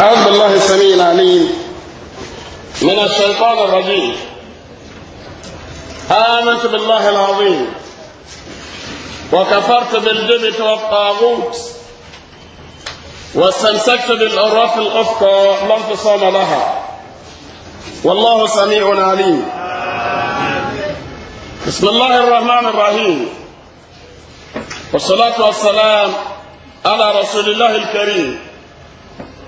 أعوذ بالله السميع العليم من الشيطان الرجيم آمنت بالله العظيم وكفرت بالجبت والطاغوت واستمسكت بالعراف الأفقى لا انفصام لها والله سميع عليم بسم الله الرحمن الرحيم والصلاة والسلام على رسول الله الكريم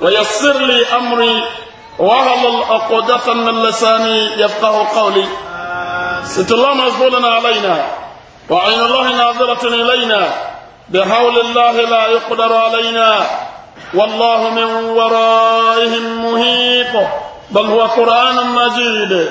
ويسر لي أمري وهل الأقودة من لساني يفقه قولي ست الله مزبولا علينا وعين الله ناظرة إلينا بحول الله لا يقدر علينا والله من ورائهم مهيق بل هو قرآن مجيد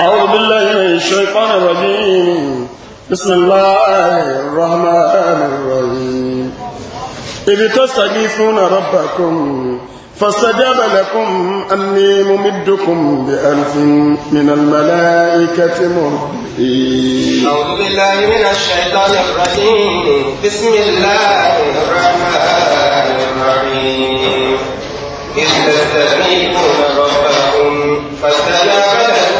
أعوذ بالله من الشيطان الرجيم بسم الله الرحمن الرحيم إذ تستغيثون ربكم فاستجاب لكم أني ممدكم بألف من الملائكة مرحبين أعوذ بالله من الشيطان الرجيم بسم الله الرحمن الرحيم إذ تستغيثون ربكم فاستجاب لكم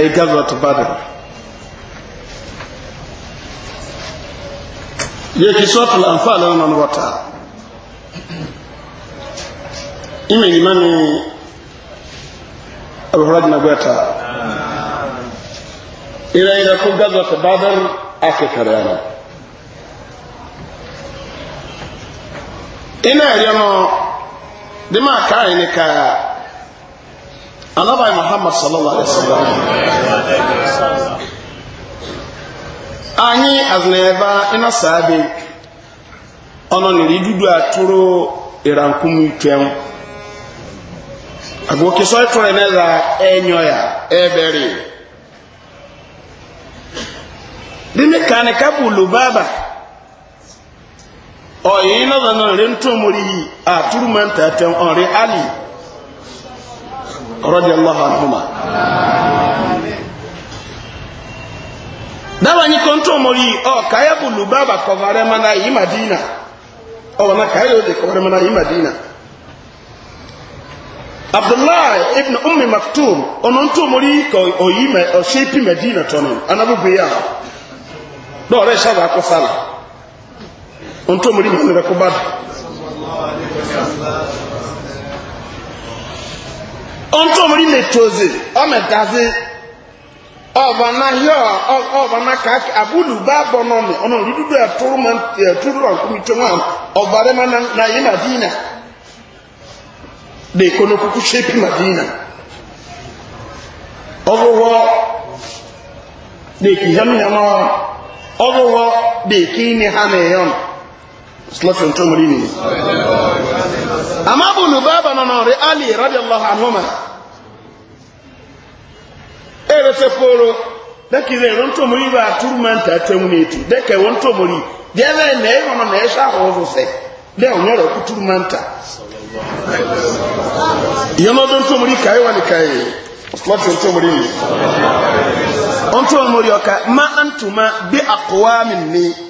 yi gazwatu badr yake suratul anfal wannan wata ime imani alhuraj na gwata ira ira ko gazwatu badr ake karyana ina yana dima kai ne ka anabai muhammad sallallahu alaihi wasallam anyị azinaba ina sabe ọnọ niri dudu atụrụ irankum itwem agwoke sọ ịtụrụ na enyo ya ebere ka bụ kabu lubaba ọyị ina zanọ nri ntụmuri atụrụ manta atwem ọrị alị. رضي الله عنهما dáwọn yìí kò ń tó mọ̀ yìí ọ káyà bùlù bàbà kọ̀ọ̀rẹ́ mọ́ náà yìí màdínà ọ̀wọ̀n náà káyà yóò dé kọ̀ọ̀rẹ́ mọ́ náà yìí màdínà. abdullahi maktum ọ̀nà ń tó mọ̀ yìí kọ̀ òyì ọ̀ṣẹ́ pì màdínà tọ́nu anábùgbé yà ontomri metozi omegazi ọbanahịa ọbanaka abuluba bọnọmi ọnọridudu ẹturu ọkụmitwe nwa ọbara ma na yi madina da ikonokuku shepi madina ọgwụgwọ da ikihemi na ọgwụgwọ da ikini ha na-eyọmi sílọ́sì tó mú nínú àmábù lùbábà nà rí alì radiyallahu anhuma ẹ̀rẹ́ tẹ kóró dẹ́kìrẹ́ ẹ̀rọ tó mú ibà túrùmá ta tẹ́wù ní ètù dẹ́kẹ̀ wọ́n tó mú rí dẹ́rẹ́ nà ẹ̀rọ nà ọ̀rọ̀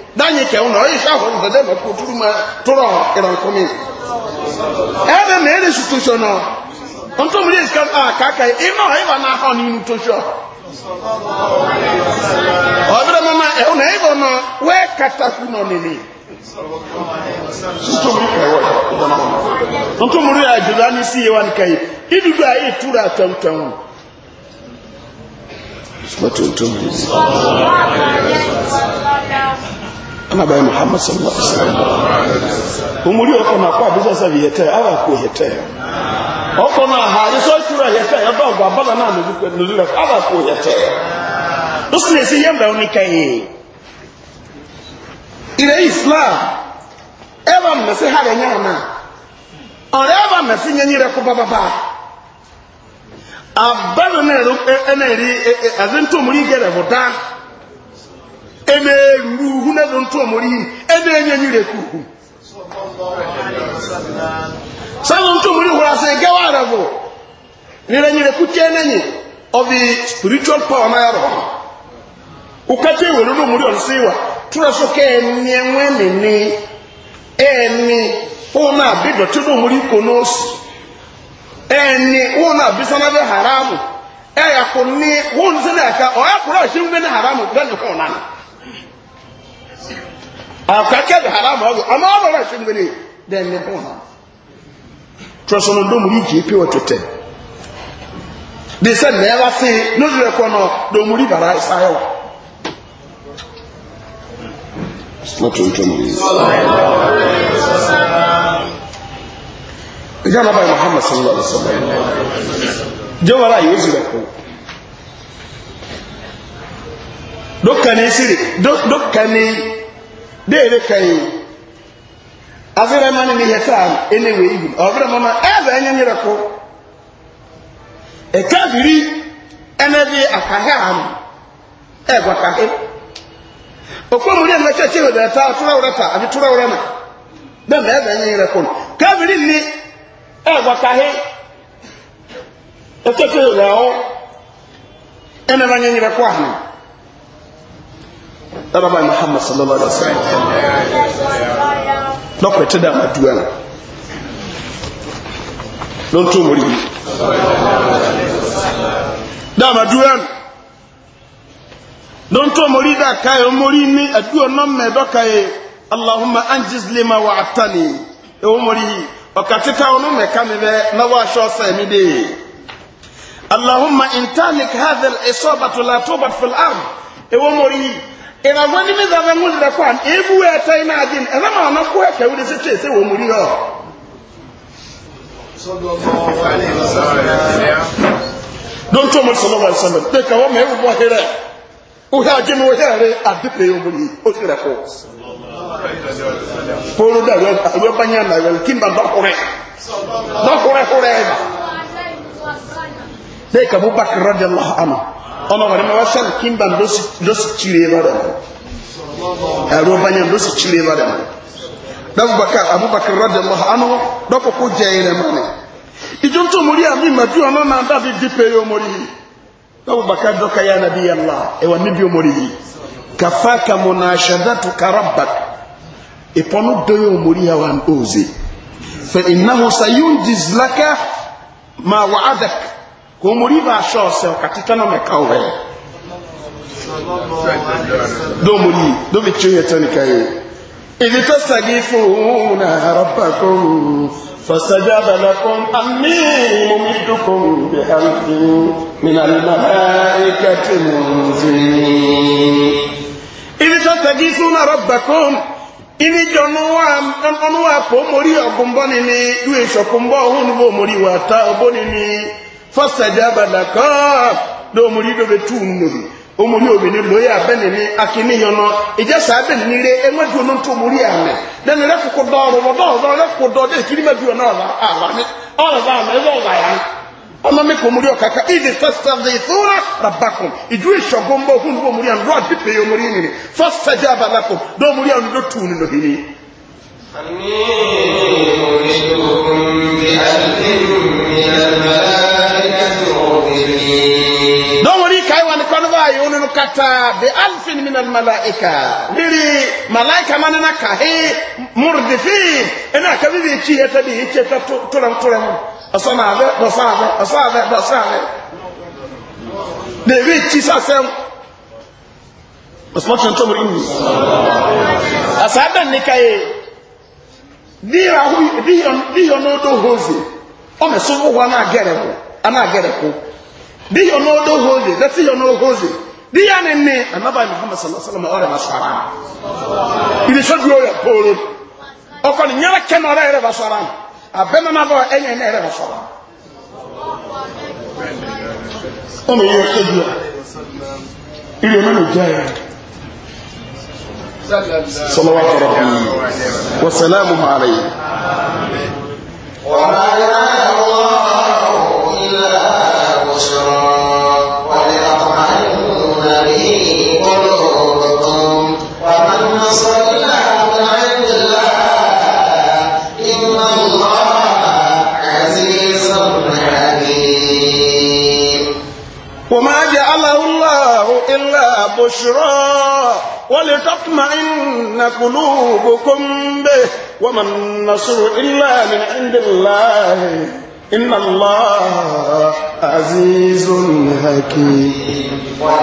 dáyé kẹwọn náà ọyẹ sáfọ ní sẹdẹ mọ kó turu máa tọrọ ìrànkọmi ẹbẹ mẹrẹ sùtò sọ náà ntọ́mùdé ìsìkà àkàkà yìí ìmọ̀ ìwà náà hàn nínú tó sọ. ọ̀bẹ̀rẹ̀ mọ́mọ́ ẹ̀hún náà ìbọn náà wẹ́ẹ́ kàtàkù náà nìyí. ntọ́mùdé kẹwọ́ ntọ́mùdé àjọyọ̀ ní sí ìwà nìkan yìí ìdúdú àyè túra àtàwùtàwù. Sọ́tò ntọ́mùdé anabai muhammad sallallahu alaihi wasallam umuri oko na kwa bisa sa yete awa ko yete oko na ha so shura yete ya do gwa bala na no ko no dile awa ko yete usne si yamba oni kai ile islam ewa mmesi ha re nyana ore ewa mmesi nyanyire ko baba ba abana na ro ene e, e, ri e, azinto muri gere vodan eme ruru uhu na ntụ ntu omori eme enye nyire ku uhu sabu ntu omori hura asị gawa rago nire nyire ku chene nyi obi spiritual power na yaro ukate we ndo omori on siwa tura so ke ni enwe ni ni eni ona bido tudo omori ko nosi eni ona bisana be haramu eya ko ni won na ka o ya ko ra na haramu gbe nnukwu ko akakɛ de haram awo ama awo na se nimere dɛ ne ho ha tɔsɔnɔ domuri kii pe wɔtɔ tɛ de sɛ nɛɛba se n'ozu yɛ kɔ nɔ domuri bara sayɛ wa. ìjà nàbàyí muhammad sallallahu alaihi wa sallam jẹ́wọ́ra yìí ó sì rẹ̀ kú dókè ní sírì dókè ní. deere kayi avira mani ni taa enewe ihu ɔvira mama ɛvɛ enye nyere ko ekaviri ɛnɛbi akahe ano ɛgba kahe okomori ɛnɛ kyɛ kyɛ wɛdɛ ta atura wɛrɛ ta abi tura wɛrɛ na bɛn bɛ ɛvɛ enye nyere ko no kaviri ni ɛgba kahe ɛkyɛ kyɛ wɛdɛ ɔ ɛnɛba nyere ko ahana. dara bai muhammad sallallahu alaihi wasallam lọkọ ẹtẹ dá àdúrà náà ló ń tó mọ̀rí yìí dá àdúrà náà ló ń tó mọ̀rí dá káyọ̀ mọ̀rí ní àdúrà náà mẹ́ẹ̀dọ́ káyẹ̀ allahumma anjis lima wa atani ewu mọ̀rí yìí ọ̀kà títà ọ̀nà mẹ́ka mi bẹ́ náwó mi dé allahumma intanic hadhal isobatu la tubat fil arm ewu mọ̀rí yìí. In ìrànwọ́ ní mísà fẹ́ mú ìrẹ́ fún àmì ewu ẹ̀tẹ́ iná àdín ẹ̀rọ máa ná kó ẹ̀kẹ́ wúlé sí tèèsè wò mú rí ọ. dóńtò mo sọlọ wọn sọlọ pé kàwọ́ mẹ́ ewu bọ́ hẹrẹ òhè àjẹ́ mi òhè rẹ àdìpé ewu yìí ó ti rẹ̀ kọ́. polo dà yọ bányà nà yọ kí n bá dọ́kùrẹ́ dọ́kùrẹ́ kúrẹ́ ẹ̀ dà. bẹ́ẹ̀ kàwọ́ bàkìrọ̀ dẹ̀ lọ́hàmà ọmọ wọn ma wá sẹ́lù kímbà ló sì kíre bá rẹ̀ ẹ̀rọ bá yẹn ló sì kíre bá rẹ̀ dábùbàkà abúbàkà rọ́dẹ̀ lọ́ha anú dọ́kọ̀kọ́ jẹ́ ẹ̀rẹ̀ mọ́ ni ìjọ tó mú rí àmì ìmọ̀jú ọmọ náà dàbí dípẹ́ yóò mọ́ rí yìí dábùbàkà dọ́kà yá nàbí yà lá ẹ̀wà níbi yóò mọ́ rí yìí kàfá kàmù náà ṣàdátù kàràbà ìpọnú dọ́yọ̀ mọ́ rí yà wà ń òzè fẹ̀ ìnáhùn sayúndìzlákà máa wà á dàkà kò mórí bá aṣọ ọ̀sẹ̀ ọ̀kàtí tọ́nà mẹ́ka ọ̀rẹ́ dómòlì dómi tí ó yẹ tọ́nìkà yìí ìdí tó sàgé fún òun náà rọ́bà kan fọ́sẹ̀já bẹ̀rẹ̀ kan àmì mo mi dúkùn bí a fi mìíràn náà ẹ̀ka tí mo ń fi. ìdí tó fún òun náà ìní jọ ọ̀nùwà pò mórí ọ̀gbọ̀nbọ́ni ni ìwé ìṣọ̀kùnbọ̀ òun ni wọ́n mórí wà tá ọ̀bọ́ni ni fasajaba laka do muri do betu nuri omuri obini loya bene ni akini yono ije sa ni re enwe du no nto muri ame den re fuko do ro do do re fuko do de kiri ma du na ala ala ni ala ba me zo ba ya ọmọ mi kò mú rí ọ̀kàkà ìdí fẹ́sítẹ́fì ìfúnra rabakun ìdú ìṣọ̀gbọ́n mbọ́ òkú nínú omúrí àná rọ́ọ̀dì pé omúrí nìyí fẹ́sítẹ́fì abalakun dọ́ọ̀múrí àná ló tù nínú yìí. kata bi alfin min al malaika liri malaika mana na kahi murdifi ina ka bibi ci ta bi ce ta turan turan asana ba ba ba asa ba ba sa ba de bi ci sa sem asma chan tomri ni asaba ni kai dira hu dira dira no do hozi o me so wo na gere ana gere ko dira no do hozi that's your no hozi bí yá ni ní anábàá muhammad sallallahu alaihi wa sallam ọrẹ ma sọ ara ìdí sọ dúró yẹ kóró ọkọ ni nyara kẹ́ náà ọrẹ yẹrẹ ma sọ ara abẹ́mọ́ náà bọ̀ ẹ̀yẹ iná yẹrẹ ma sọ ara. ọmọ yẹn kọ́ bí wa ìdí omi ló jẹ́ yẹn. صلوات ربي وسلامه عليه وعلى الله إلا بشرى ولتطمئن قلوبكم به وما النصر إلا من عند الله إن الله عزيز حكيم ولتطمئن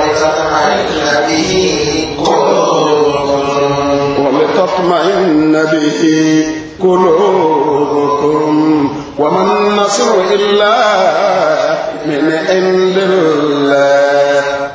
به قلوبكم ولتطمئن به قلوبكم وما النصر إلا من عند الله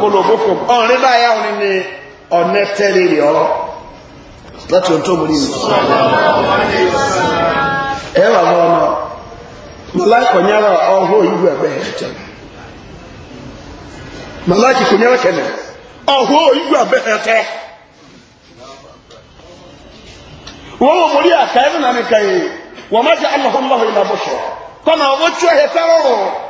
kolobokom ọ̀rin báyà ọ̀nẹ́ tẹ́lẹ̀ rẹ̀ ọ̀rọ̀ láti ohun tó mú ẹ wà wọ́n ọmọ ẹ̀jẹ̀ ẹ̀jẹ̀ wọ́n wọ́n àkàyẹ́ nínú àmì wọ́n má jẹ́ kọ́nà ọ̀wọ́ tí ó yẹ fẹ́ràn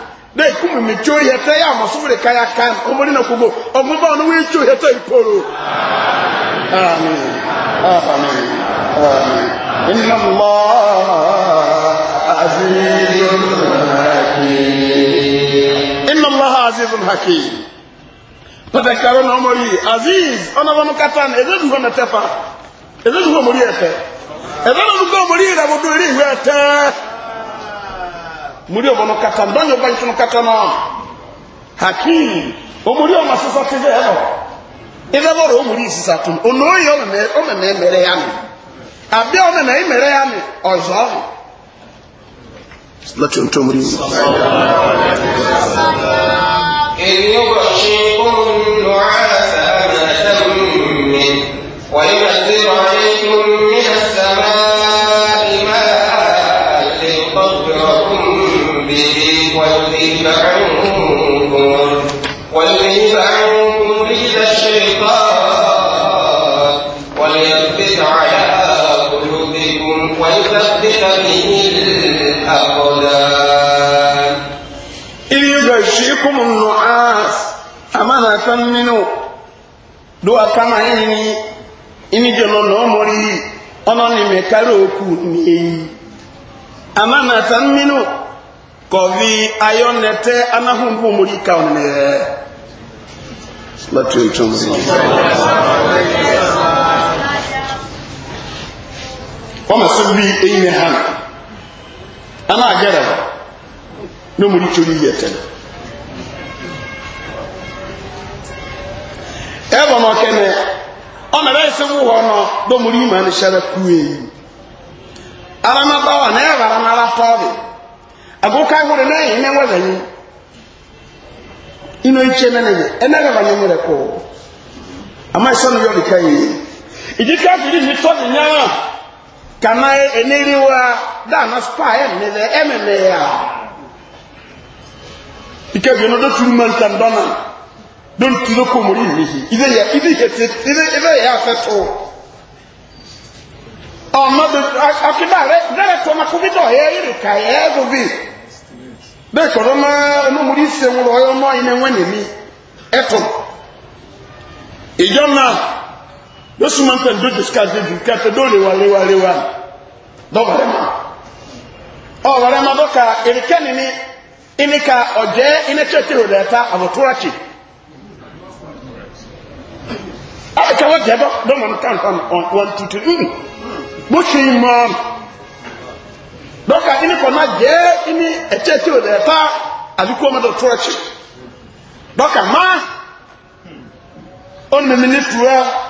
dai kuma mi cho ya ta ya masu mure kaya kan na kugo ogun ba onu wi cho ya ta polo. amin amin amin inna allah azizun hakim inna allah azizun hakim patakaro na umuri aziz ona ba mukatan ezezu ho metefa ezezu ho muri ọmọ no kata no dọnyọ bẹntu no kata no hakim omuri ọmọ sisa ti bẹẹ nọ ẹbẹ bọrọ omuri sisa tum ọnà oyi ọmọ mẹ mẹrẹ ya mi abẹ ọmọ mẹ mẹrẹ ya mi ọzọ lọtọ ntọmuri. èyí ló bọ̀ ṣe é. إذ يغشيكم النعاس أمانة منه دعا كما إني إني جنو نومري أنا نمكروكو ني أمانة منه كوفي أيونتي أنا هم بومري كوني لا تنتظر Ọ ma bí eyín ha nù ẹnna àgẹ́rẹ̀ ní ọmọdé tí ó yí yẹ ẹ bọ̀ na kẹ́nẹ̀ ọ̀nà bẹ́ẹ̀ sẹ́ wúwọ́ ọ̀nà dọ́mọdé yìí máa ń ṣẹlẹ̀ kú èyí na náà ẹ̀rọ aranara tọ́ọ̀bì àgókò na náà yìí náà wẹ̀rẹ̀ yìí inú ìkyẹ́ kama eneri wa dana spa emele emele ya ikebi no do turu man tan dona don turu ko mori ni ide ya ide ya ide ide ya feto o oh, ma do akida re dere to ma ko bi do ye ire ka ye go bi be ko do ma no mori se mo ro yo mo ine wani mi eto ijona yesu man fɛn do discuss de ju kɛfɛ do lewa lewa lewa dɔ wɛrɛ ma ɔ wɛrɛ ma dɔ ka erikɛ nini ini ka ɔjɛ ini tɛ tiri o lɛ ta a bɛ tora ci a kɛ wɔ jɛ dɔ dɔ man kan kan wɔn tutu un bó ti dɔ ka ini kɔnɔ jɛ ini ɛtɛ tiri o lɛ ta a bɛ ma dɔ tora ci dɔ ka ma ɔn mɛmɛ ni tura.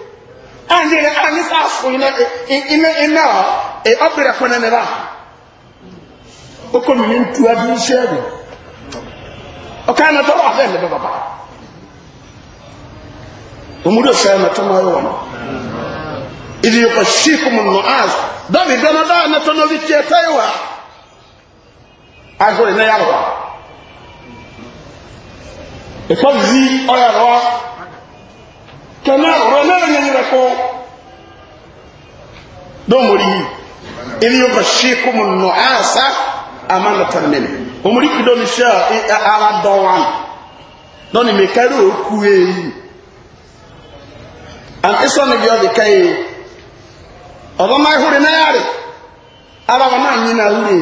anyere anyị sa asụ ime ime a ọ bịara kwene na ba ntu adị isi ebe ọka na dọrọ ahụ ebe baba ọrụ ọnụ ịdị yọkọ shiipu m nọ az dọbi dọna obi tọ ịwa na ya ịkọ zi ọ ya kẹmẹ ọ̀rọ̀ náà yẹn yẹn kọ́ dọ́mọ̀rí yìí ilé yóò bá ṣe kó mu nù àṣà amánatan mẹ́lẹ̀ ọmọdé kì dọ́ni ṣe ara dọ́wọ́n dọ́ni mẹ́kẹ́rẹ́ òkú yìí and ẹsọ ni yọ dìka yìí ọba máa húri náà yàrá ara wọn náà nyiná húri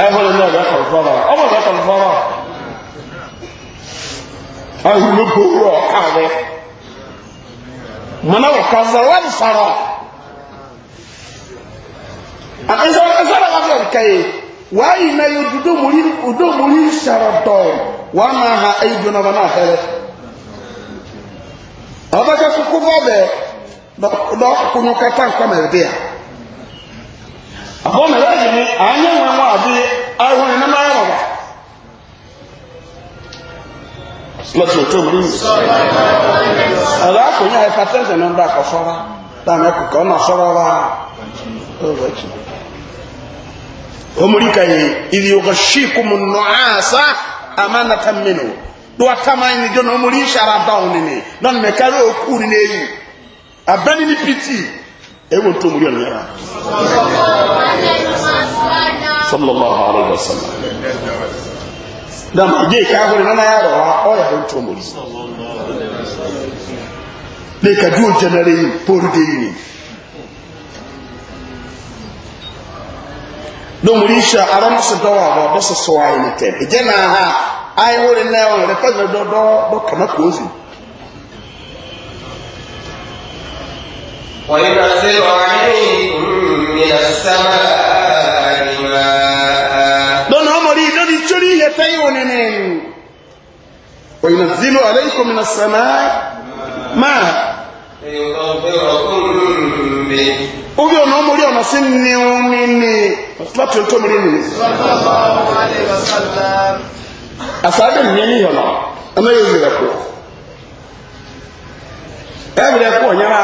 ẹ húri náà ọba kọlùfọ́rọ̀ ahunu gbowurɔ ɔkaawɛ mana wɔ kaza wani fara a nsɛm nsɛm a fɛ ka na ye dudu muri dudu muri sara dɔɔ waa ma ha ayi donna ba n'a hɛrɛ a bɛ kɛ koko fɔ bɛɛ dɔ dɔ kunu ka taa nkɔmɛ bi yan a bɔ mɛ bɛ jeni a ɲɛ ŋmɛ ŋmɛ a lọ́tí òtó mú ní ọ̀rọ̀ akọ̀nyà ẹ̀fà tẹ́sán ní ọ̀dà kọ̀sọ́rọ́ táwọn ẹ̀kọ̀kọ̀ ọ̀nà sọ́rọ́ wa ọ̀rọ̀ ẹ̀kì. omuri kayi ìdí ọkọ̀ ṣíkù mu nù àṣà àmànàtà mìnú ló wà tàmà ẹni jọ́nà omuri ìṣàrà dáhùn òkú nìní èyí abẹ́ni ní pt ewu tó omuri ọ̀nà yàrá. sọlọ́lá da maje kafiri nana yaro wa oya don to muri ne ka duo janare poru de ni don muri sha aram su dawa ba ba su sowa ni te ijana ha ai wori na wa re pa do do do kana kozi وينزل عليكم من السماء ننن وينزل عليكم من السماء ما Oge ọ̀nà ọmọ orí ọ̀nà sí ni omi ni onye ọjọ́ mọ̀rí nìyí. Àsáájú nìyẹn ní ìyọ̀nà, ọmọ onye yẹrẹ ayi Ẹ̀rẹ̀ kú ọ̀nyára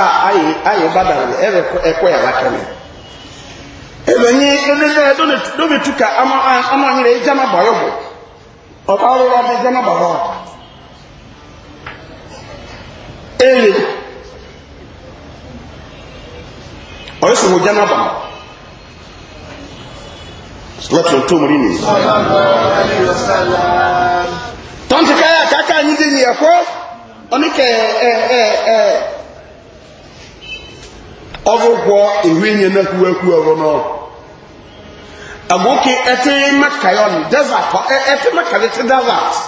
ayé bàdà rẹ̀, ẹ̀rẹ̀ ẹ̀kọ́ yà lákàmì. Ẹ̀rẹ̀ yín ẹ̀rẹ̀ dóbi ọ̀tá ọlọ́rọ̀ ọdún jẹ́ náà bàbá èrè ọ̀yẹ́sùn jẹ́ náà bàbá láti ọ̀tọ́ mú rí nìyí tọ́ntì káyà káká yìí dì ní agoke ɛte maka desert hɔ ɛte maka yɛ te desert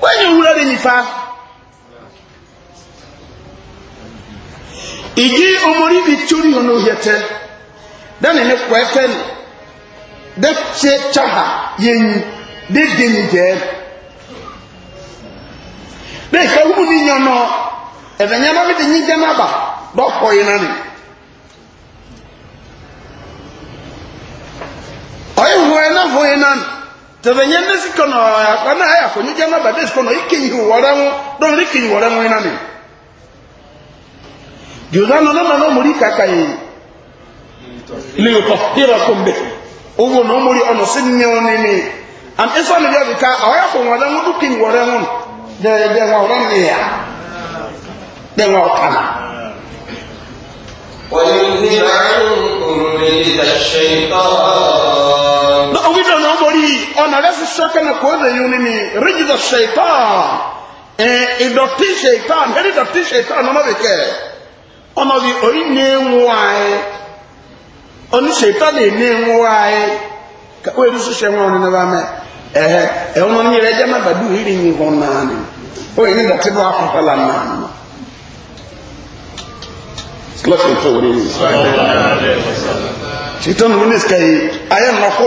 wɔnyɛ wura de nifa ìdí omori bi tóri hɔ n'oyɛ tɛ dani ne kɔ ɛfɛ no de tse tsaha yɛnyi de deni jɛ de ìkẹwùmù ni nyɔnɔ ɛfɛ nyɛnɛ bi de nyi dɛ n'aba ɔyɛhoɛ na hoe nan tɛbɛnyɛ ne sikɔ na ɔyakɔ na ayɛ akɔnyegya na bade sikɔ na ɔyɛkenyi wɔrɛ ho dɔn ne kenyi wɔrɛ ho na ne josa no no ma no mori kaka yi ne yɛ kɔhira kombe owó na ɔmori ɔno se nyɛw ne ne and efa ne yɛ bika ɔyakɔ wɔrɛ ho do kenyi wɔrɛ ho dɛ dɛ wa wɔrɛ ne ya dɛ wa ɔkana. ويذهب عنكم رجز الشيطان na rẹ́sì sọ́kẹ́ e, na kò dé yìí ni rígidà ṣèitán ìdọ̀tí ṣèitán ẹni dọ̀tí ṣèitán ọmọ bì kẹ́ ọmọ bì oyin ní ewu ayé oní ṣèitán lè ní ewu ayé kakó ebi sọ ṣẹ́ wọn ní ní bá mẹ́ ẹ̀hẹ́ ẹ̀hún ní yẹrẹ jẹ́ má bàdú yìí ní wọn náà ni oyin ní dọ̀tí bọ́ akọ̀kọ̀ là náà ni. lọ́sìn tó wọlé ní. ṣèitán ní ní sikẹ́yì ayé ńlọkọ́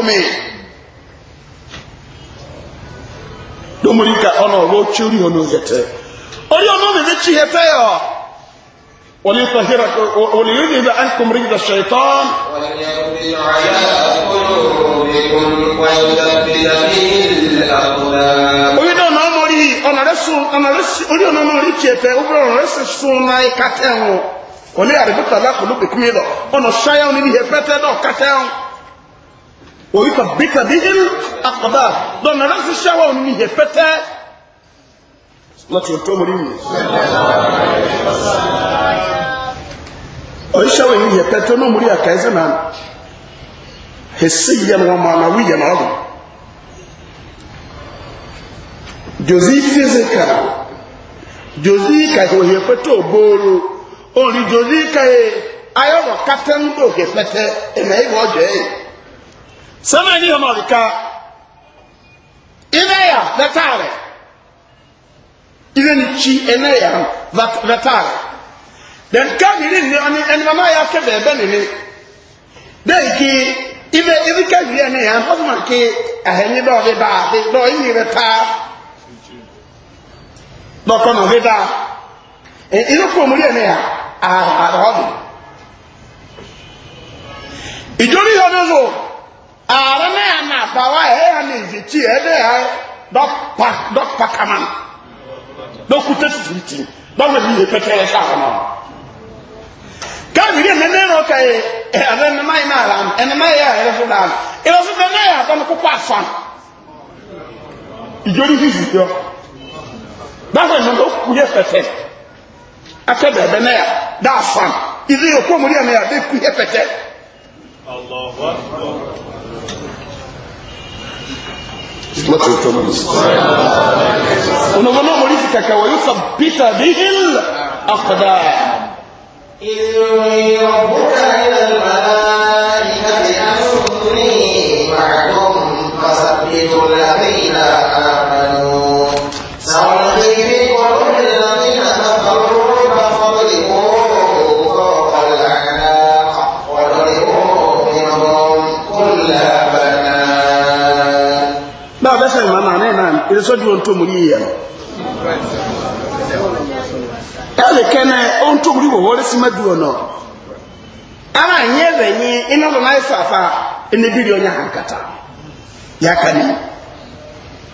omori ka ɔnà ɔlọ tsori hɔ n'oyɛ tɛ ɔlọ ɔnà ɔmɛ bɛ tsi hɛtɛ yɔ wòle fahira wòle yóò yéba an kumri da shaitan. oyi dɔn na ɔmori ɔnare sun ɔnare si oyi dɔn na ɔmori tsi hɛtɛ o bɔra ɔnare si sun na yi katɛ ŋo wòle aributala kolo bɛ kumi dɔ ɔnà sayɛ ɔnini hɛpɛtɛ dɔ katɛ ŋo. ويثبت بهم أقدار دون نفس الشهوة ونميه فتاة láti ọ̀tọ́ mọ̀ nínú ọ̀ṣẹ́wẹ̀ yìí yẹ pẹ́tọ́ náà múrí àkàíṣẹ́ náà hẹ̀sí yẹn wọn máa wí yẹn náà lọ jòzí fíṣíkà jòzí kàìwò yẹ pẹ́tọ́ bóòrò orin jòzí kàìwò ayọ̀rọ̀ kátẹ́ńdò yẹ pẹ́tẹ́ ẹ̀mẹ́ ìwọ́jọ́ yìí sẹ́mà ní ọmọ ọ̀dìka ìnáyà lẹ́tàrẹ̀ ìrẹ́ni kí ẹnáyà lẹ́tàrẹ̀ dẹ̀ka mìírí ni ọni ẹni mama yà kẹfẹ ẹbẹ nìní bẹẹ kí ibẹ ibi kẹfìrí ẹnáyà ọdúnmọ̀ kí ẹhẹni dọ̀ọ̀dẹ bá àti dọ̀ọ̀ ìyìn rẹ ta dọ̀kọ̀ nà ọ̀dẹ dá inú kúrò mú rí ẹnáyà àrà ọ̀dùn ìjọ́rí yọ ní ọdún ààrẹ náà nà àbáwá ẹ̀yà ní ìjìtì ẹ̀dẹ̀ ẹ̀ dọ́pà dọ́pà kàmán dọ́kútẹ́ sùsùrìtì dọ́wọ́ ní ìyè pẹ́tẹ́ ẹ̀ sáà náà. káàbìrì ẹ̀nẹ́ náà ọkà yẹ ẹ̀rẹ́ ẹ̀nẹ́má yìí náà ràn ẹ̀nẹ́má yẹ ẹ̀rẹ́ fún dàn ìrọ̀sọ̀tẹ̀ náà yà àtọ́nu kókó àfàn ìjọ́rí fífi yọ dọ́wọ́ ìnà ló kú yẹ pẹ́tẹ́ akẹ́bẹ̀ ẹ̀bẹ̀ náà dá àfàn ìdí òkú òmùrí ẹ̀nẹ́ yà dé kú yẹ pẹ́tẹ́. صلاة التمييز ونظام مريسك ويثبت به الأقدام إذ يربك إلى الملائكة ìrìn sọ́jú ohun tó mú ohun tó mú wọ̀wọ́ sí ọ̀nà ara rẹ̀ iná lọ náà ẹni bí rí ya ka ni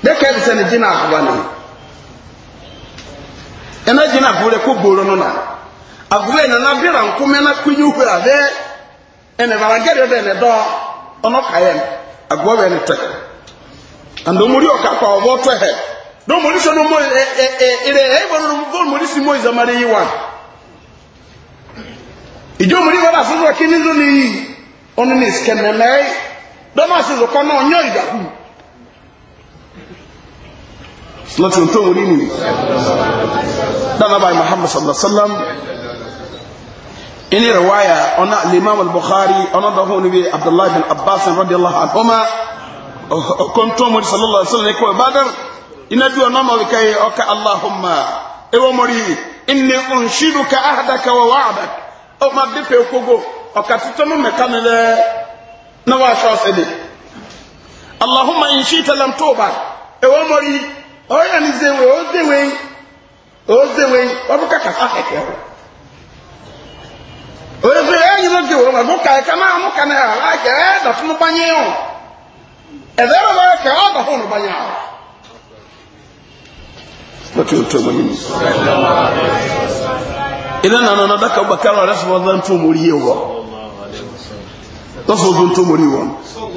dẹ́kẹ́ ẹ̀rẹ̀ sẹ́ni dín náà wà ní ẹ̀nà dín náà kó gbòòrò nù náà àgùrẹ́ ìnana bíra nkúmẹ́ náà pín yíwú àbẹ́ ẹ̀nẹ̀ bàrà gẹ́rẹ́ bẹ́ẹ̀ ní dọ́ ọ̀nà kàyẹ́ and omori ọka kwa ọbọ tọ ẹhẹ na eh eh eh, ọmọ ẹ ẹ ẹ ẹ ẹgbọn na ọmọ omori si mọ ìzọmọdé yìí wa ìjọ omori wọn àfọwọ́ wọn kíni ló ní yìí ọ̀nà ní ìsikẹ́mẹ́mẹ́ dọ́mà sí ìzọkọ náà ọ̀nyọ́ ìdàkú láti ọ̀tọ́ wọn nínú dábàbà muhammad sallallahu alaihi wa sallam ini riwaya ọ̀nà limam al-bukhari ọ̀nà dọ̀hún níbi abdullahi bin abbas radiyallahu anhu ọkọntọ mori sallallahu alaihi wasallam ekọ badar ina duwa nama wi kai ọka allahumma ewo mori inni unshiduka ahdaka wa wa'dak o ma bi pe kogo ọka tutu mu meka ne le na wa sha sede allahumma in shita lam tuba ewo mori o ya ni zewe o zewe o zewe o bu ka ka ha ke o o zewe enyi mo ge o ma bu ka ka na mu ka na ala ke eh, da tunu banye o ɛdɛrɛ bɛ kɛ ɔba hɔn ba nya lati o tó mɔni. ilé nana na daka bakar wa rẹsọ wọn zan tó mori yé wọ lọsọ zan tó mori wọn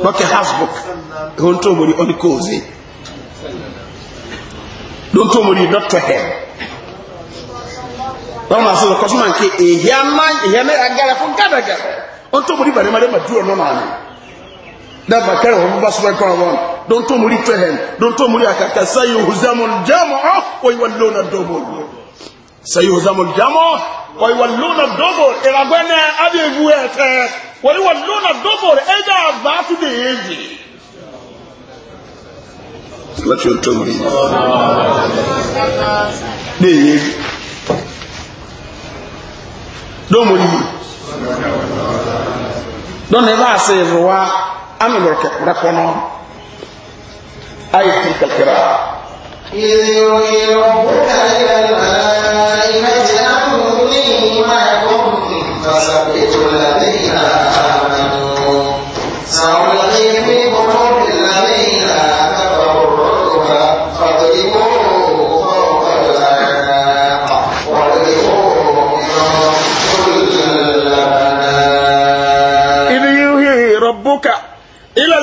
lọkẹ hasbuk zan tó mori ọni kóòzé zan tó mori dọtọ hẹ lọ́wọ́n náà sọ̀rọ̀ kọ́sùmá nke èyí àná ìyẹn náà agẹ́rẹ́ fún zan tó mori bàrẹ́màrẹ́mà dúró nọ́nà àná dama kẹrẹ wọn bá sọfẹ kọrọ wọn don múri tó hẹn múri àkàkà sayi huzamun jamu ọ wọ́n wọ́n lóna dọ́bọ̀ sayi huzamun jamu wọ́n wọ́n lóna dọ́bọ̀ ìràgbẹ́nẹ́ adébu ẹ̀ tẹ́ wọ́n wọ́n lóna dọ́bọ̀ ẹ̀dá àbátú de yé jì. láti o tó múri yé jì yìí dọ́nà ẹ̀ bá a sè é wá. أنا لك رفنا أي تلك القراءة إذ يوحي ربك إلى الملائكة أني معكم فثبتوا الذين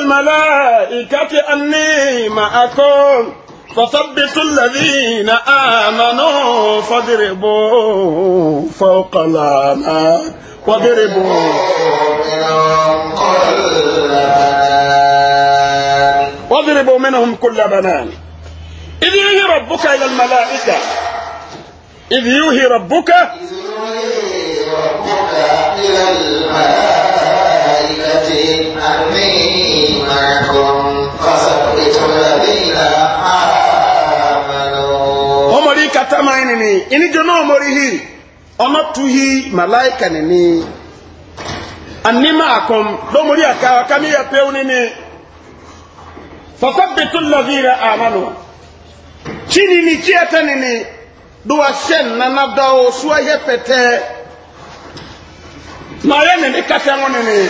الملائكة أني معكم فثبتوا الذين آمنوا فاضربوا فوق الأعناق واضربوا واضربوا منهم كل بنان إذ يوهي ربك إلى الملائكة إذ يوهي ربك إذ يوهي ربك إلى الملائكة التي أني معكم فثبتوا الذين آمنوا أمري كتما إنني إني جنو أمريه أمتوه ملايكا إنني أني معكم دومري أكا وكامي يبيونني فثبتوا الذين آمنوا chini ni kiata nini duwa shen na nabda o suwa yepete na ye nini kata ngo nini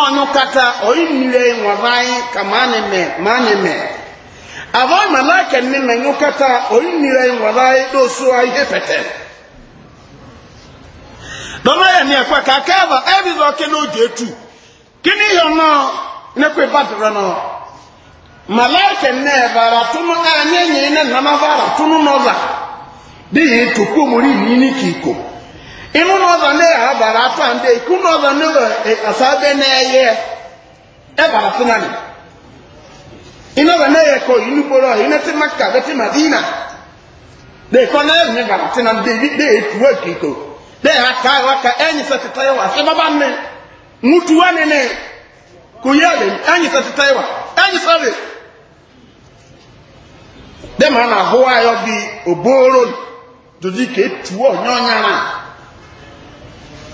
ọnyụ kata oyi mmiri nwabaanyi ka eme maani eme abụọ mɛ avɔn malaka ni mɛ nyụ kata oyi mmiri nwabaanyi do so ayi pɛtɛ dɔbɔ yɛ ni na ekwe ka ɛbi bɔ kene o je etu. Gịnị ihe nɔ ne ko ba dɔrɔ nɔ malaka nɛ bara tunu ɛnyɛ nyi ne nama bara tunu nɔ dịghị de yɛ to komori nyi ịmụ n'ọzọ ndị a bara atọ ndị ikwu n'ọzọ ndị asabe e, na-eye ebara atọ na ịnọba na-eye ka oyi n'ugboro ọhịa ịnete maka bete madina dekọ na ezi bara atọ na ndị dị etuwe ekiko dị aka ka enyi setịta ya wasị baba nne nwutuwa nene kuyele enyi setịta ya enyi sọrị dị na ahụ ayọ bi oboro dozi ka etuwe onye ọnyara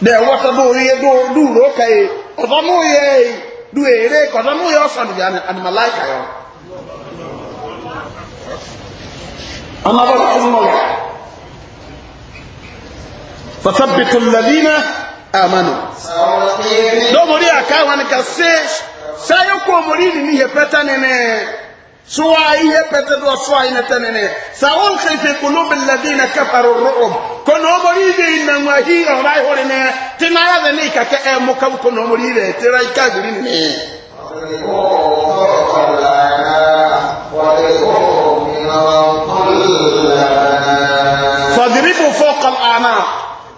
dɛ wɔtɔ do yɛ do do ro ka ye ɔtɔ n'o yɛ do ere kɔtɔ n'o yɛ ɔsɔ dubi animalayi ka yɔ ama bɛ kɔtɔ n'o yɛ fasa bitu ladina amanu dɔw mori a kan wani ka se sayo ko mori ni ni yɛ pɛtɛ nɛnɛ. سواء هي بتدوا سواء نتنني سألقي في قلوب الذين كفروا الرعب كنوا مريدي إن هي أولاي هورينا تنايا ذنيك كأم مكو كنوا مريدي تراي كاغريني فاضربوا فوق الأعناق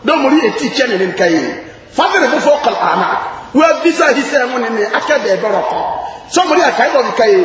دومري اتيكن لنكاي فاضربوا فوق الأعناق وبيسا هيسا مني أكاد يبرقا سمري أكاد يبرقا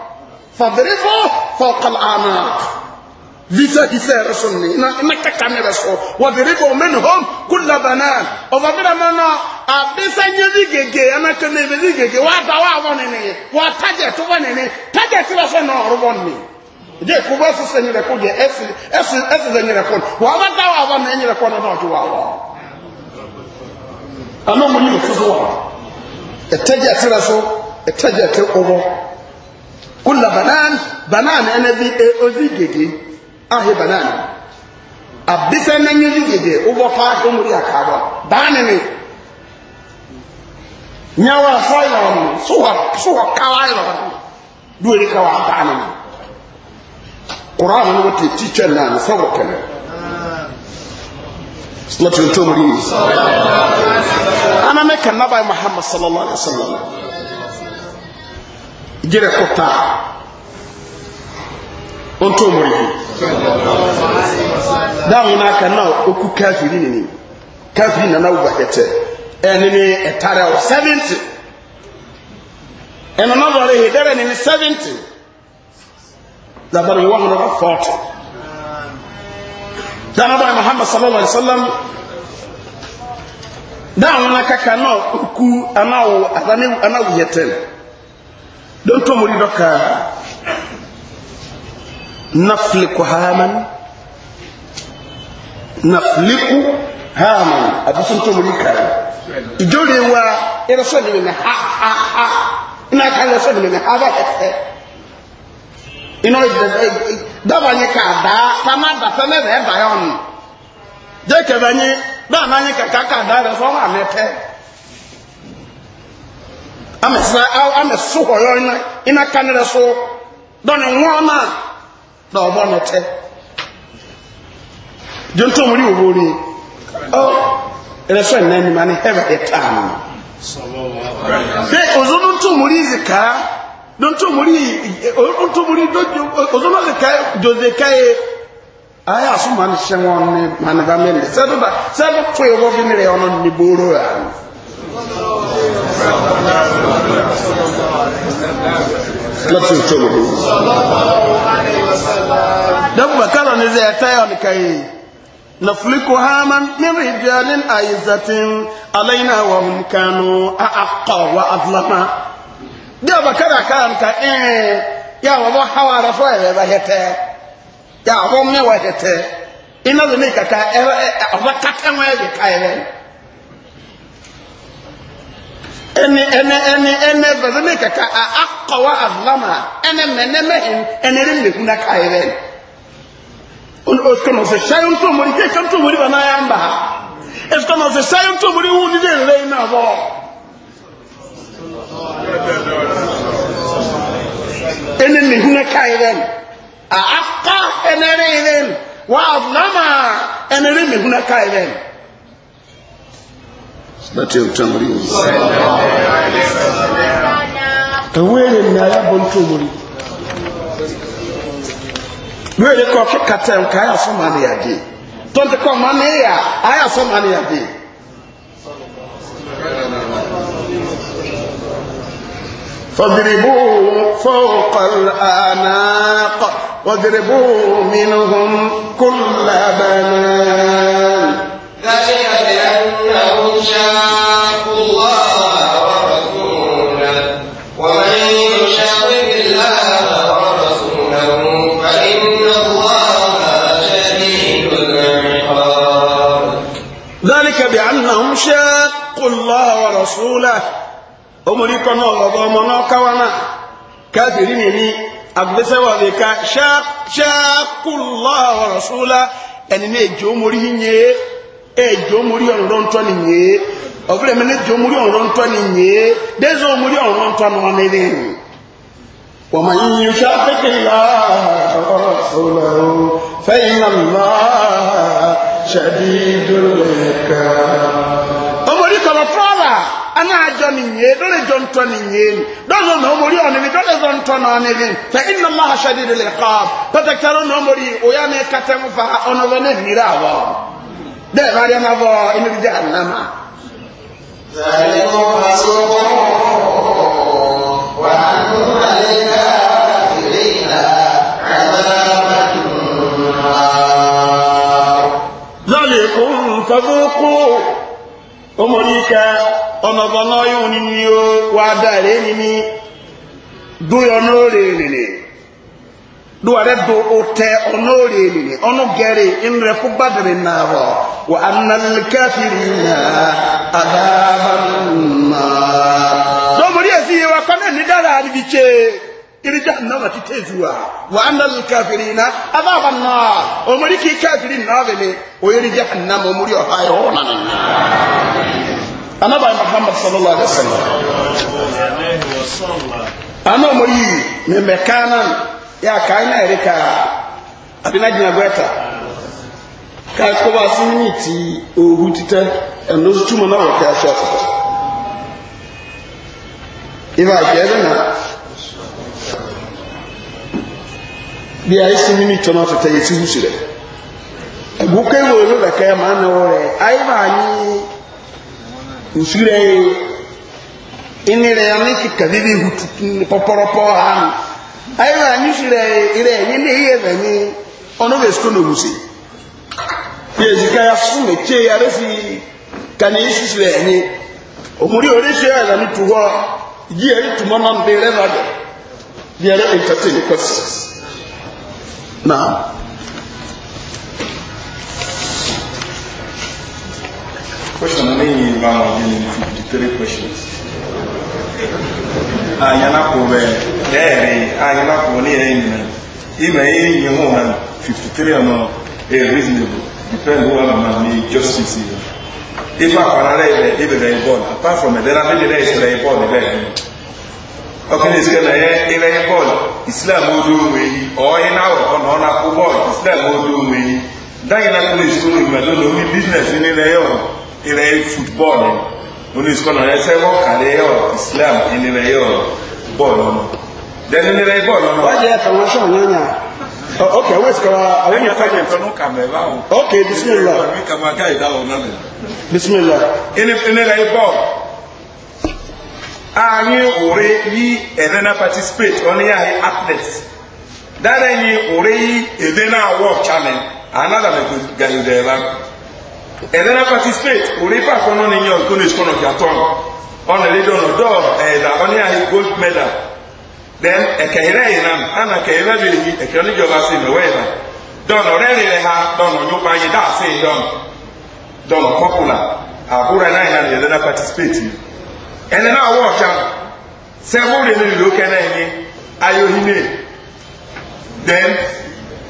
فاضربه فوق الأعناق visa isa yɛrɛ so ne na na kaka ne yɛrɛ so wɔdiri bɔ mɛ ne hɔn kula banan ɔfɔbira mɛ nɔ a bisa nye bi gege ɛna kɛ ne bi gege wa da wa bɔ ne ne ye wa tajɛ to bɔ ne ne tajɛ ti bɛ fɔ nɔ ɔrɔ bɔ ne je ko bɛ sise ne yɛrɛ ko jɛ ɛsi ɛsi kula banan banan ɛna bi e ozi gege ahe banan abisa na nye ozi gege wobɔ fa omori akaabɔ baani ni nyawa fa yɔrɔ no so wɔ so wɔ kawa yɔrɔ no duori kawa baani ni koraa ho no wɔ te tikyɛ naani sɛ ana ne kanna muhammad sallallahu alaihi wa gyere kɔta ɔntɔ mori yi dáhùn náà kan náà oku káfíìrì nìyí káfíìrì nana wù bàkẹtẹ ẹni ni ẹtara ọ sẹfìntì ẹnu náà lọrọ yìí dẹrẹ ni ni sẹfìntì dabarani wọn lọrọ fọọtù dáhùn muhammad sallallahu alaihi wa sallam dáhùn náà kankan náà oku anáwó anáwó yẹtẹ. don to doka nafliku haman nafliku haman abisun to muri kare ijorewa ina so ni me ha ha ha ina kan so ni me ha ba kete ina daba nye ka da pa da fa ba je ke ba nye ba nye ka ka ma me amesina amesu hɔyɔ ina ina kanere so dɔnni ŋɔɔma na ɔbɔ nɔtɛ jonto mu ni wo wori ɔ ɛrɛsɔ ɛnna ni ma ni hɛbɛ yɛ taa mu de ozonu ntomori zika ntomori ntomori ozonu zika jozeka ye ayi asoma ni hyɛn wɔn ni ma ni ba mɛ ni sɛdo ba sɛdo to ye wɔ bi ni yɛ ɔno ni booro yɛ ano láti ìtọ́ gbogbo. dọ́kùnbà kálọ̀ ní ṣe ẹ̀tẹ́ ọ̀nìkà yìí nàfúlíkù hàmà mírì ìdíọ́lì àyèzàtì aláìní àwọn ọmọkànú àkọ́ wa àfúlámà. bí ọba kálọ̀ kálọ̀ nìkà ẹ̀ẹ́n yà wọ́n bọ́ hàwọn arafọ́ ẹ̀rẹ́ bá hẹ́tẹ́ yà wọ́n mẹ́wàá hẹ́tẹ́ iná lónìí kàkà ẹ̀rọ ọba kàkà wọn ẹ̀rẹ́ ká ẹ̀rẹ́ ɛne ɛne ɛne ɛne vɛsɛ ne kɛkɛ a akɔwa azama ɛne mɛnɛ mɛhɛn ɛne ne mehu na kaa yɛrɛ osikɔnɔ sɛ hyɛn ntomori kɛ hyɛn ntomori ba n'ayɛ amba osikɔnɔ sɛ hyɛn ntomori wu ni de lɛ na bɔ. ɛne mehu na kaa yɛrɛ a aka ɛne ne yɛrɛ wa azama ɛne ne mehu na kaa yɛrɛ. Sibati ya utambuliwa. Ewele ni ayabo ntumuli. Wele kwa kikata ya mkaya soma ni ya di. Tonte kwa mani ya, aya soma ni ya di. فاضربوه فوق الأعناق واضربوا منهم كل بنان ذلك بأنهم شاقوا الله ورسوله ومن يشاقق الله ورسوله فإن الله شديد العقاب ذلك بأنهم شاقوا الله ورسوله أمريكا نوضا ومنا كوانا كافرين agbésẹ́wọ̀ lè ka ṣáàkùlọ́ ọ̀rọ̀ ṣúlá ẹni ní èjò mórí yínyẹ ejo eh, muri ọ̀rọ̀ ntọ́ ni nyee ọ̀bẹ̀rẹ̀ mi ní jo muri ọ̀rọ̀ ntọ́ ni nyee dẹ́sẹ̀ omuri ọ̀rọ̀ ntọ́ ni wọn nílé wọ́n máa ń yíṣẹ́ àtẹ́kẹ̀lá ọ̀rọ̀ fẹ́yìn àmà ṣẹ̀dí dúró ẹ̀ka. omori kọ̀lọ̀ fọ́ọ̀rà ana àjọ ni nyee lórí jo ntọ́ ni nyee dọ́sọ̀ na omori ọ̀nà mi dọ́sọ̀ zọ ntọ́ na ọ̀nà mi fẹ́yìn àmà ṣẹ̀dí dúró ẹ̀ka pẹ̀tẹ̀kẹ̀lá na omori òyà mi kàtẹ́ mu fa ọ̀nà dụfeu ụmụke ọnọnya oyo wụda eyi bụr duware do ote ono renine ono gere in refu badre naro wa annal kafirina adhaban nar do mori esi wa kone ni dara aribiche iri jahannama titezuwa wa annal kafirina adhaban nar o mori ki kafirin navele o iri jahannama o mori o hayo na na anaba muhammad sallallahu alaihi wasallam ana mori me mekanan ya ka anyị na-ere ka abinagyina gweta ka akọba sí ní ti òhu títẹ ẹnu tó túmọ̀ náà wọ̀ na a ṣe ọ̀tọ̀ ìfà jẹ́ ẹ̀rẹ́ náà bí a sí ní tọ́ náà tẹ̀tẹ̀ yìí ti hù sílẹ̀ ẹ̀gbọ́kẹ́ ìwò ìlú máa ń rẹ̀ ayé ayé náà ní ìṣirẹ ìrẹ ẹ̀yìn ní iye rẹ̀ ní ọ̀nà bẹ̀ sùkúl ní òwúsì yíyẹ jì ká sùn lè tse yàrá sí ka ní iṣu ìṣirẹ o òmùrí oríṣi ẹ̀rọ ní tu họ yí ẹ̀rí tùmọ̀ náà ní rẹ̀ náà dẹ̀ bí ẹ̀rẹ́ entertain kọ́sì náà. Question na nini ba wa ni 53 questions. Ah yana ko be ẹ̀rẹ̀ anyị makwa onye ya ime ihe hụ na 53 ọnọ a reasonable depend who am and justice ihe ife akwanara ebe ebere bọọlụ apart from na mmiri na-esere bọọlụ ebe ebe na na ya bọọlụ islam odo onwe yi ọyị na ọ na na-akwụ bọọlụ islam odo onwe yi dáyìí náà kúrò ìsúkúrò ìgbàdo ló ní dẹni uh, ah, ni rẹ bọ lọnà. wáyé ẹ kàn wọn sọ ọ̀nà yẹn a ok wait kọ́ àwọn yìí fẹ́ yẹn fẹ́nu kà mẹ́ báwo. ok bisimilah. mi kà máa ká ìdá wọn náà lẹ. bisimilah. ẹni ẹni rẹ bọ anyi ore yi ẹni na participate ọni yà ayé athlete dara yi ore yi ẹni na work channel anada mẹ kò gàyè dẹ̀ la ẹni na participate ore pàkọ́ náà ni yẹ ọ̀kọ́ ní ìsukọ́ náà kí a tọ́ ọ̀nà ẹ̀rí dọ̀nà dọ̀ ẹ̀dá ọni yà ayé gold medal then ɛkɛyɛrɛ yìí nam ɛna kɛyɛrɛ bɛ yi ɛkɛyɛrɛ ni jɔba si mɛwɛ yìí nam dɔn ɔrɛ ni lɛ ha dɔn ɔnyɔba yi daa se yɔn dɔn ɔkɔpula abura náà yìí na yɛlɛ na participate yi ɛnɛ náà wɔ ɔhyam sɛwó de ni lò kɛnɛ yìí ayohine then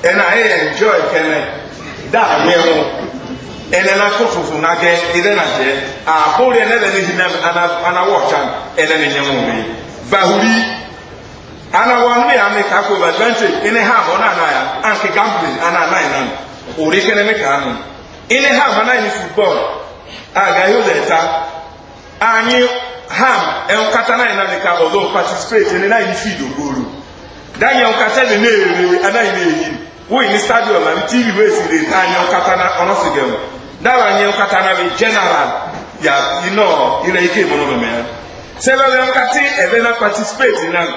ɛna ɛyɛ enjoy kɛnɛ daa yɛ mo ɛnɛ na kó fufu na kɛ ɛdɛ na jɛ abura yɛ nɛ lɛ ni hinɛ ana wɔ ɔhyam ɛnɛ ni nyɛ mo mi bahuri. ana wọn mi ami ka ko advantage ini ha hɔ nana ya anki gambling ana anan nan ori kene mi ka ano ini ha hɔ nana yi football a ga yi o lɛ ta anyi ham ɛnkata e nan nan ka ɔdɔ participate ini nan yi fi do goolu dan yɛ nkata ni ne ere anan yi ne eyi ni stadium na tv wey si de ta anyɛ nkata na ɔno si gɛm dan wa anyɛ nkata na bi general ya yi nɔ ira ike mu e no mɛmɛ sɛlɛ yɛ nkati ɛbɛ e na participate nan.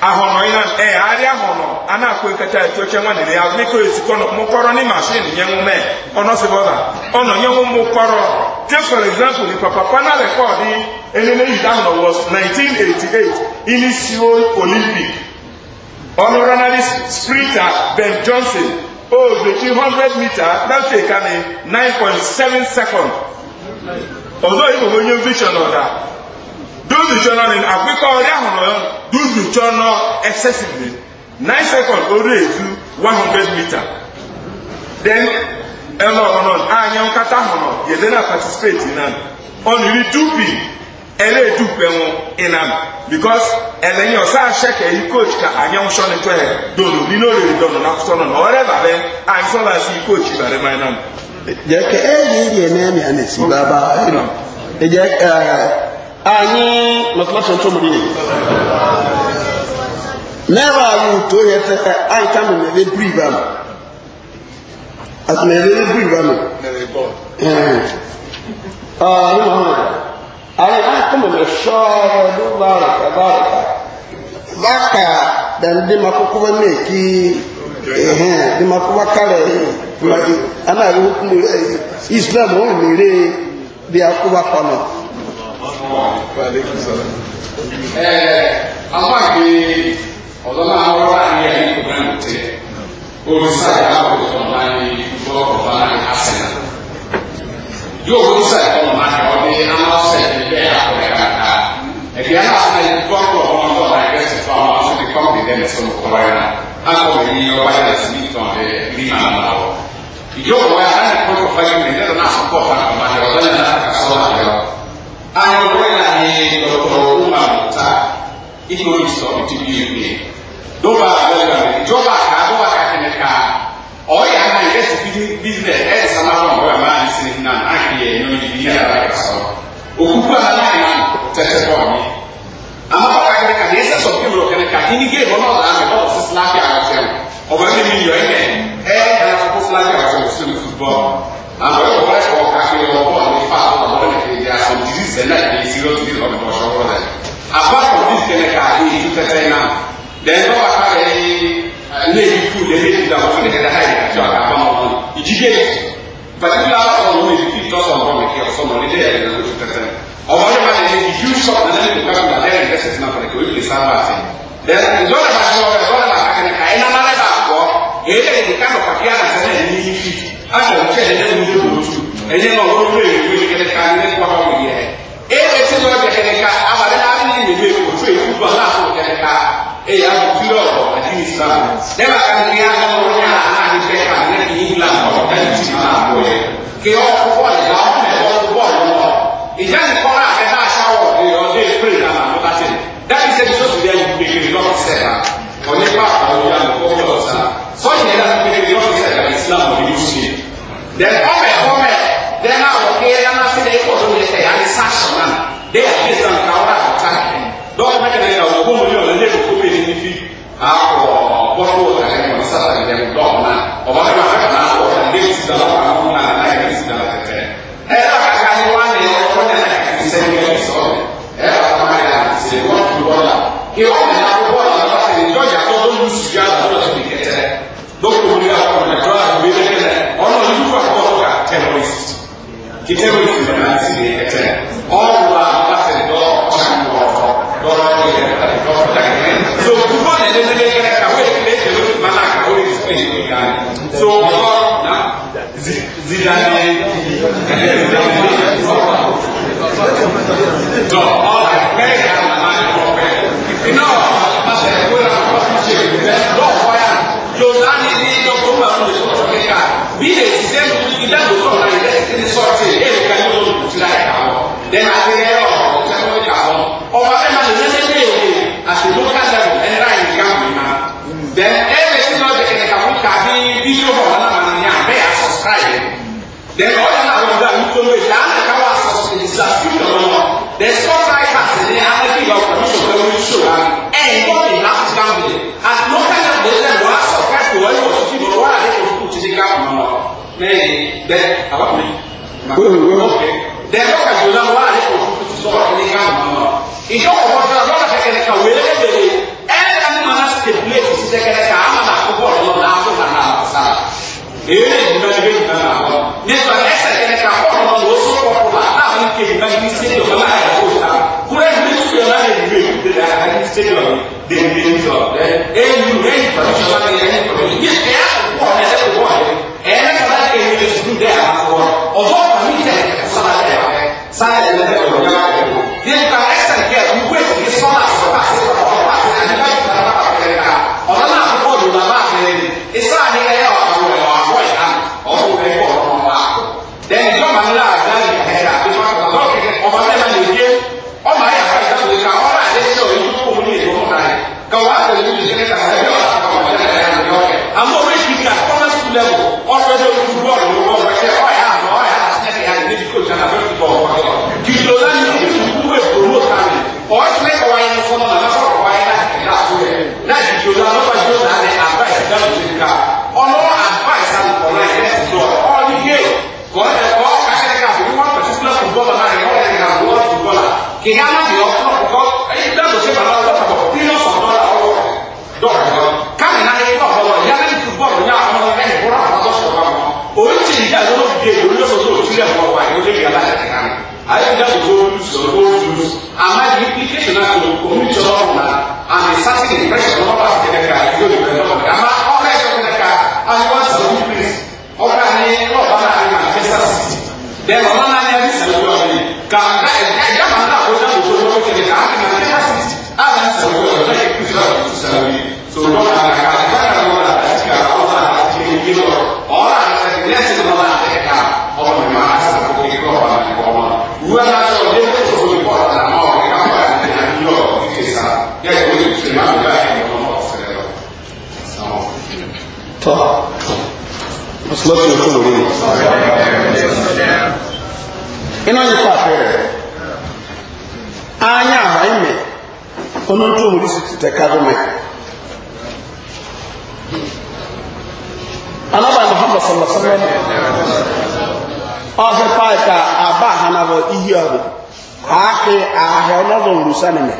e ya ee arịa ahọnọ a na-akwụ nkata eti oche nwa nere ya mekọ esikọ nọ mụkọrọ ní mashin nyenwu take for example papa enene yi was 1988 olympic sprinter ben johnson ozechi 100 mita dafe kane 9.7 second bụ ibo onye vision duzu tsɔ nɔ nini agbika ɔri ahɔnɔ yɔ duzu tsɔ nɔ excessively nine second ori one hundred then ɛnɔ ɔnɔ kata ahɔnɔ yɛlɛ na participate inan ɔnuli dupi ɛlɛ dupɛ ŋu inan because ɛlɛnyɛ ɔsɛ ahyɛ kɛyi coach ka anyɛn sɔ ne tɔɛ dɔnu ninu olori dɔnu n'akutɔ nɔnɔ ɔrɛ ba bɛ anyisɔ la si coach ba rɛ ma baba ɛɛ. anyi masalacin tumuri ne nẹ́rọ àwọn tó yẹ tẹ ẹ àìká mi mẹ́lẹ́ bírí bá mi àti mẹ́lẹ́ bírí bá mi ọ̀hún ọ̀hún àwọn àìkọ́ mẹ́lẹ́ sọ́ọ̀rọ̀ ló bá rẹ̀ ká bá rẹ̀ ká báka dàndé ma kókó bá mi kí ẹ̀hẹ́n dé ma kó bá kárẹ̀ ẹ̀ ẹ̀ ẹ̀ ẹ̀ islam wọn ò ní rè é bí akó bá pa náà afáàgbé ọ̀dọ́lá ọ̀rọ̀ àárín ẹ̀yìn kò náà tẹ̀ orí sáyà àbòkù ọ̀la ní ìgbọ́ ọ̀la ní àṣìlá yóò wọ́n sáyà ọ̀nà máa kà ọ́ ní aláṣẹ ìgbẹ́ àkọ́rẹ́ kàkà ẹ̀gbẹ́ aláṣẹ ìgbọ́ ọ̀rọ̀ ọ̀nà tó ọ̀la ẹgbẹ́ sì fún àwọn aṣọ ìkọ́ mi lẹ́nu tó ń kọ́ra yẹn akọ̀ mi ní ọba yẹn sí ìtàn rẹ̀ ní màmá ọ̀ yóò wọ́n àwọn wẹ́nà ni dọ̀tọ̀ ọ̀húnmá ta ìdí orí sọ ti bí ìwé dọ́gba àgbẹ̀gbà rẹ̀ dọ́gba ká dọ́gba ká kẹ́mẹ́ ká ọ̀yà náà yẹ ẹsẹ̀ bí bísíǹnẹ̀ ẹsẹ̀ sálámà ọ̀rẹ́ máa ń sin náà àkè yẹ ẹ̀yọ́ ní ìdí yàrá yà sọ òkúkú aláìní tẹ̀tẹ̀ bọ̀ mi. àmọ́ bàbá kẹ́mẹ́ ká ní ẹsẹ̀ sọ bí wúlò kẹ́mẹ́ ká kí ní géèmù náà làá mi bọ́ọ̀ sí síláàkì àwọ̀fẹ́ ọ̀bẹ mi ni yọ ẹ̀ ẹ̀ ẹ̀ ẹ̀ ẹ̀ ẹ̀ ẹ̀ ẹ̀ ẹ̀ ẹ̀ ẹ̀ ẹ̀ is not a serious disease of the Bosho brother. Apart from this Kenaka, he is better now. Then no matter the name food, the name that was in the high, you are a common one. It is yes. Particular on who is the first one from here, someone is there, you are a better. Or whatever it is, if you shop the name of the person, then this is not like we will start laughing. Then it's not about you, it's not about Kenaka, and another about God. Ele é de cabo para criar a cena de mim. Acho que ele é muito útil. Ele não vai ver o que ele quer, ele não ní ọjà kẹ̀kẹ́ abàdé náà ní ìyèwé òtún èyí púpọ̀ láàfin kẹ̀kẹ́ èyí àwọn òfin ọ̀rọ̀ àdínì islam lẹ́wà kan ní agbára ní àárín kẹ̀kẹ́ àgbẹ̀ ní england ọ̀rọ̀ náà ti máa bọ̀ yẹ kí ọ fọ́ ìlà ọ̀hún ẹ̀kọ́ tó bọ̀ lọ́wọ́ ìjà nìkan náà kẹta aṣáwọ̀ ọdẹ ìpè ìlànà àbúkátì dábì sẹ́ni tó sì dẹ́ ìgbèkèrè lọ́kọ̀ọ́sẹ̀ ọ̀nípa àwọn ìyá lọ́kọ̀ọ́sẹ̀ sọ́yìn ẹ̀dá ìgbèkèrè lọ́kọ̀ọ́sẹ̀ islam ọ̀dẹ́ yóò ṣe ìwọ ní àkókò àlàbà sí ní ìjọjà tó ló lù sí yá lọ́dọ̀ sí ìkẹtẹ lókùnrin àwọn ọmọ ẹ̀dọ́ àgbẹ̀ lẹ́kẹ̀lẹ̀ ọ̀nà ìlú àkọ́kọ́ kà tẹ̀lé dẹ̀ẹ́dọ́ kàjọ náà wà ní oṣù sọ̀rọ̀ ní ká mọ̀ ìjọ ọ̀pọ̀ náà lọ́dà kẹkẹrẹ ká wẹ́ẹ́ lẹ́gbẹ̀rẹ̀ ẹ̀ẹ́dẹ́ kan máa ń ṣe plé ti kẹkẹrẹ ká á máa kó bọ̀ lọ́wọ́ náà tó kà e ìyá má bìí ọkọ ọkọ ẹyí dáàbò sí bàbá ọlọ́pàá bọ̀ bílíọ̀nù sọ̀rọ̀ dọ́là ọwọ́ dọ́kà lọ. káàmì náà yẹ kọ́ ọ̀bọ̀lọ̀ ìyá bẹ́ẹ̀ ti bọ́ọ̀lù ní àwọn ọmọ ẹ̀yìn kúrò àwọn ọ̀dọ́sọ̀ wa mọ́. òun ti ìjà lọ́wọ́ fi dé òun lọ́sọ̀ tó òtún lẹ̀ fọ́ wa ìwé lẹ́yìn aláṣẹ kẹta ni. ayé ìdáàbò tó ń sọ̀rọ̀ tó ń dùn. àmọ́ ìdí lọ́sí òkú lórí mi. iná yìí kọ́ àfẹ́rẹ́ ányá àbá ìmẹ̀ onótó orí sì ti tẹ̀ka mẹ́. anaba muhammad sallallahu alaihi wa sallam ọsẹ paaka aba ahanabọ ihi ọdọ aake ahẹ ọlọdọ orusa nìmẹ.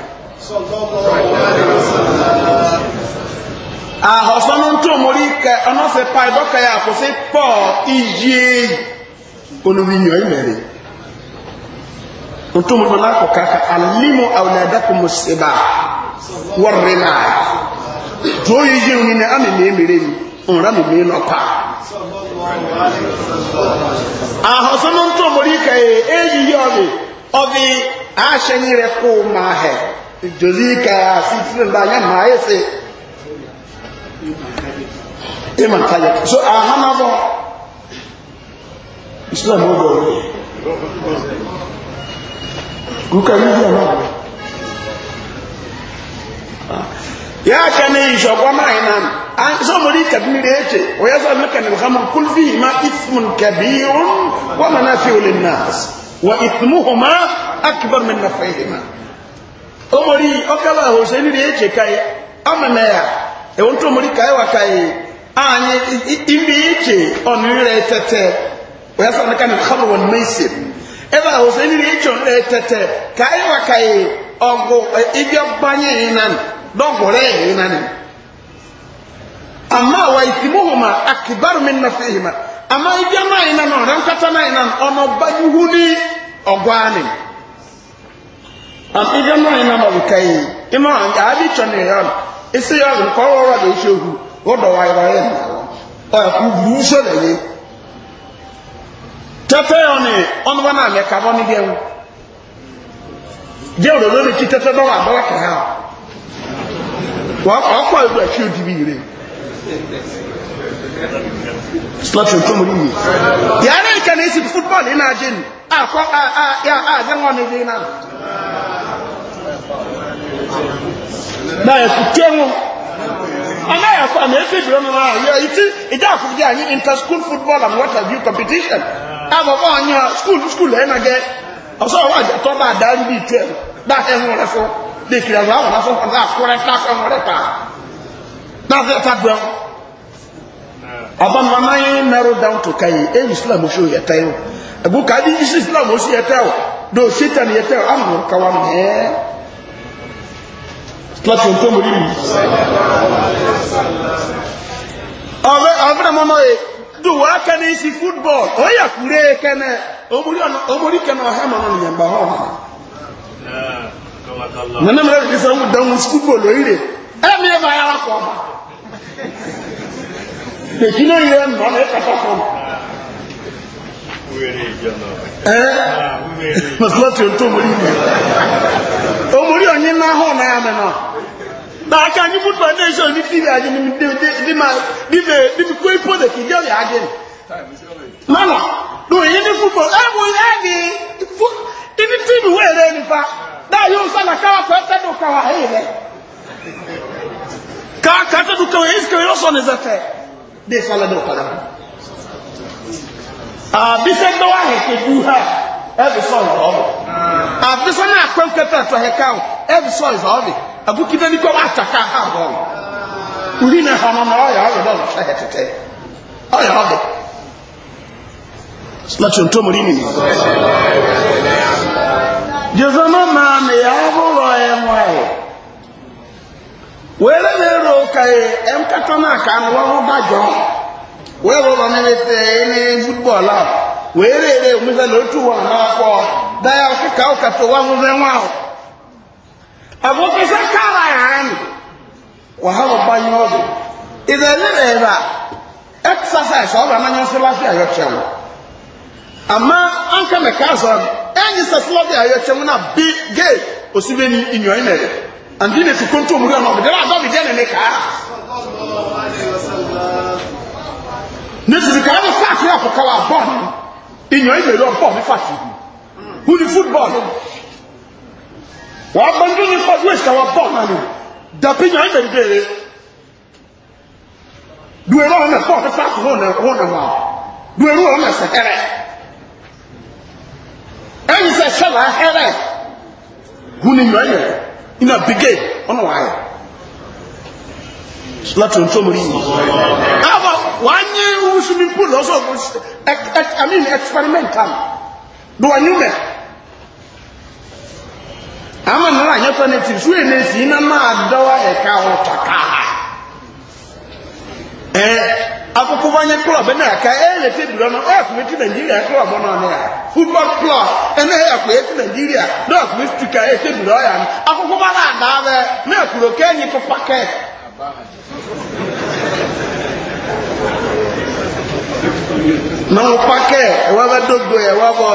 sallallahu alaihi wa ahọ́sọ́ ló ń tó mórí kẹ ọlọ́fẹ́ pa ìdọ́kẹ́ yà pọ̀ iye olùwìyàn ìmẹ̀rẹ̀ ala mo nana kọ kaka alimu awuladako mo seba wɔre na tó yi yi ni na mi mi mi pa tó eyi kó máa hẹ kẹ máa ima kaya so ahana bɔ islam o bɔ kuka yi diɛ naa yaa kyɛ ne nsɔgbɔ naa yi naa an sɔmori kabini de ekye o yɛ sɔrɔ ne ka nin hamu kulfi ma ifun kabiirun wa mana fi wuli naas wa ifumuhuma akibar min nafayihima omori ɔkala hosɛni de ekye kaye ama na ya ewu ntomori kaye wa kaye. anyị ime etete na kanụ ọnụrịrị etete ka anyị wakaghị ọgụ ibi ọgbanye ịnan dọgwụrụ ehi ịnan amma wa isimuhuma akibaru min nafihima amma ibi ama ịnan ọrịa na ama ka ihe ịma ịchọ ya nke ọrụ ọrụ wọ́dọ̀ wa ẹ̀rọ yẹn nà ọ ẹ̀kú bùrú sọ̀rọ̀ yẹ tẹ́tẹ́ yọ ni ọ̀nà wọn náà mẹ́ka bọ́ níbi ẹ̀wù díẹ̀ òdòdó ni kí tẹ́tẹ́ dọ́wọ́ àbọ́lá kẹ̀hà wọ́n ọkọ̀ ẹ̀rọ ẹ̀kí òdì bí rẹ̀ slọ́tì tó mú yìí yàrá ìkànnì èsì fútbọ́ọ̀lù iná ajé ni àkọ́ àjẹ́wọ́n ni dé náà náà ẹ̀kú tẹ́wọ́n And I asked, and every brother, you are eating, inter-school football and what have you competition. I'm ah. a one year school, school, eh, and I get. I oh, saw what I thought about that in detail. That is what I saw. They could have run, I saw what that's a and that's ah. eh, narrow down to Islam Islam yẹ láti ohun tó mú rírì ọ̀fẹ́rẹ̀ mọ́mọ́ rẹ̀ dùwọ́ kẹ́ni sí fútbọ̀l ó yà kúrẹ́ kẹ́nẹ́ omori kẹ́nẹ́ ọ̀hẹ́ mọ́nà nìyànbá hàn nínú mẹ́rin kìí sọ́wọ́ dánwò sí fútbọ̀l lórí rẹ̀ ẹ̀mí ẹ̀ máa yára kọ́ ọ̀ma èyí náà yẹ ẹ̀mọ́ ní ẹ̀kọ́ kọ́ ẹ̀ mọ̀sílọ́tì ohun tó mú rírì omori ọ̀nyí náà hàn náà yà mẹ́nà n'aka anyị food foundation ndị tv adị ndị ndị ma dịbe dịbe kwe ipo dị ka ị gaghị adị mana n'onye ndị food foundation ewu ebi ndị tv wee ree nipa n'ahịa ụsa na kawa ka ọtọ dị ụkawa ha ihe ka ka ọtọ dị ụkawa ezi kere ọsọ na ezefe dị ịsala dị ụkawa ha. Bisɛ dɔw ahɛ kedu ha. every song is all. Àfi sọ́nà àkọ́ńkẹ́ pẹ̀lú ẹ̀tọ́ ẹ̀ka o every song is all. ha bọ̀. Orí na hàn ọ́nà ọ̀yà ọ̀yà bọ́ọ̀lù ṣe é tètè. Ọ̀yà ọ̀bẹ̀. Láti ohun tó mọ̀ nínú yìí. Jésù náà máa mi àbúrò ẹ̀ wọ̀ ẹ̀. Wẹ́rẹ́ mi rò weerere omuza n'otu wa n'afọ daya ọkụka ụkata ụwa nwụze nwa ahụ abụkịsa kara ya anyị wahala gbanye ọdụ ịza elere ebe a exercise ọ bụ ananya nsịlasị ayọchenwu ama anka meka azọrọ m enyi sasịlasị ayọchenwu na bi ge osibe ni inyo imere and na-etu kontu omuri ọnụ ọbụdịrị adọ bụ jee na-eme ka ha n'esiri ka ọ bụ faakị apụkawa bọọlụ ìyàn ìbèrè ọ̀pọ̀ ní fàtìdì who the football wà á gbọ́n tó ní fọ́ọ̀tù èsì àwọn bọ́ọ̀ náà ni dàbí ìyàn ìbèrè bèrè duero ọ̀nà fọ́ọ̀tù fàtìdì wọn nà wà duero ọ̀nà sẹ̀kẹ̀rẹ̀ ẹ̀yìn sẹ̀ sẹ̀lá hẹ́rẹ̀ who ni ìyàn ìbèrè in a big game ọ̀nà wà á yẹ. láti ohun tó mú rí yìí. Àwọn wàá nyé wú swimming pool lọ́sọ̀ I mean experimental do wà nyúmẹ̀. Àwọn nínú àyẹ̀ fẹ́nẹ̀tì sú èlé sí iná máa dọ́wọ́ ẹ̀ka ọ̀tà káà. Ẹ akókó bá nyẹ club ẹ̀ náà ká ẹ̀ lè tẹ́ dùrọ̀ náà ẹ̀ kùmí tí Nàìjíríà club náà ní à. Football club ẹ̀ ẹ̀ kùmí tí Nàìjíríà náà kùmí tìkà ẹ̀ tẹ́ dùrọ̀ yà ní. Akókó bá náà dá bẹ́ẹ̀ náà kúrò kẹ́yìn tó pàkẹ́ẹ̀. náà pákẹ́ ẹ̀wá bá dógbò ẹ̀wá bọ̀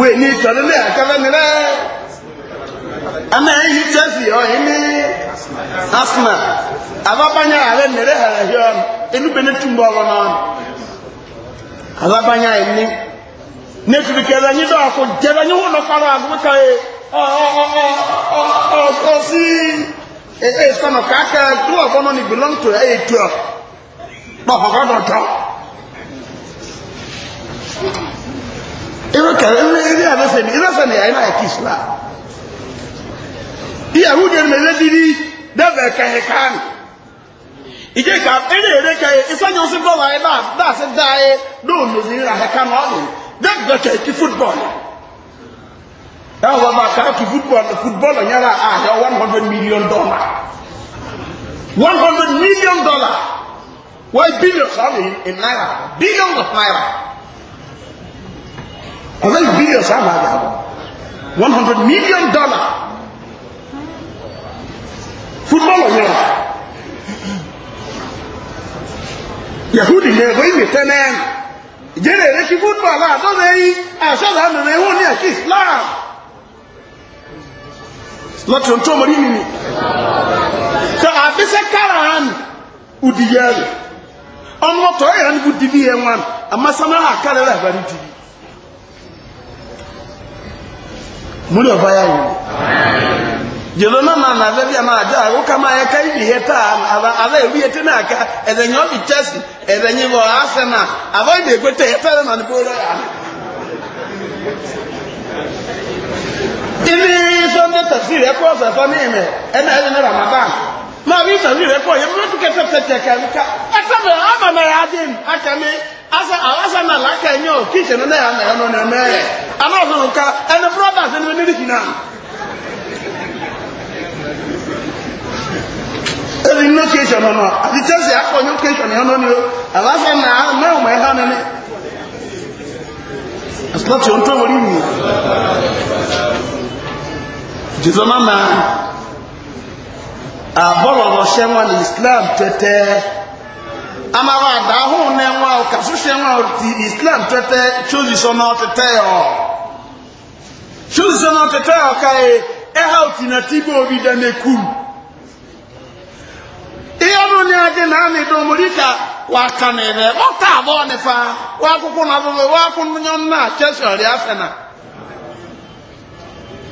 wé ní ìtọ́lélẹ̀ A mìíràn ama ehi tẹ́sì ọ̀hìn ní asma ababanya ààrẹ mìíràn hàrà hìọ́ enúbẹ̀ ní túnbọ̀ ọ̀rọ̀ náà ababanya ẹni n'etiri kẹrẹ nyi dọ̀ ọ̀kọ̀ jẹrẹ nyi wọn lọ fara àgùnkà yẹ ọ̀ ọ̀ ọ̀ ọ̀ ọ̀ ese sọnà kàkà tó ọgbọnọ ni belong to ẹ tó ọ bọ ọkọ dọtọ irú kẹrẹ irú irú àbẹsẹ ni irú ẹsẹ ni ẹyìn náà kì í sùlá ìyàwó jẹ ní ẹlẹ dìrí dẹbẹ kẹhẹ kàn ìjẹ ká ẹni èrè kẹhẹ ìsọnyọ sí bọọlù ayé náà dáa sí dáa yẹ dóòlù ní ìhà kàn ọdún dẹbẹ kẹhẹ kí fútbọọlù ẹwọ bàbá Football fútbọ̀lù fútbọ̀lù yára ààrẹ one hundred million dollar one hundred million dollar wọ́n billion sáàmù in in naira billion of naira ọ̀rẹ́ yìí billion sáàmù àgbà one hundred million dollar Football fútbọ̀lù yára yahudi ní ẹ̀bọ̀ ìmì tẹ́lẹ̀ jẹ́rẹ̀ rẹ̀ kí fútbọ̀lù àtọ́rẹ̀ yìí àṣọ́dà àmì rẹ̀ wọ́n ní ẹ̀kí islam. láti ohun tó mọ̀ nínú ni tó àbísẹ́ kára hàn ùdí yẹ́rù ọmọ ọ̀tọ̀ ẹ̀yà níbi dìbí yẹn wọn àmọ́ samáhà kárẹ̀ rẹ̀ àbárí dìbí ọba yà náà nà bí àjọ àwọn yẹ ká ibi yẹ náà ká ibi sunday tafsir ẹkọ ọsẹfọ ní ìmẹ ẹnna ẹni ramadan náà bí tafsir ẹkọ yẹ mọtò kẹtẹ tẹtẹ kẹmíkà ẹtọbẹ abẹmẹ yà dé mi akẹmi asa awasa na laka enyo kitchen na ya ya no na me ana ene brothers ene ni dikina ene no kitchen no ati chese akọ nyo ya no ni awasa na na o me ha on jùzọ́mọ́ ma abọlọlọ ṣẹ́wọ́n na islam tẹ́tẹ́ a máa wà dáhùn nẹ́wọ́n kàṣú ṣẹ́wọ́n ti islam tẹ́tẹ́ ṣóòzì sọ́nà tẹ́tẹ́ ọ̀ ṣóòzì sọ́nà tẹ́tẹ́ ọ̀ káyé ẹ̀hà òtì nà tí bó ihe ọdún ní adé náà ní domorika wà kànìyàn wọ́n nifa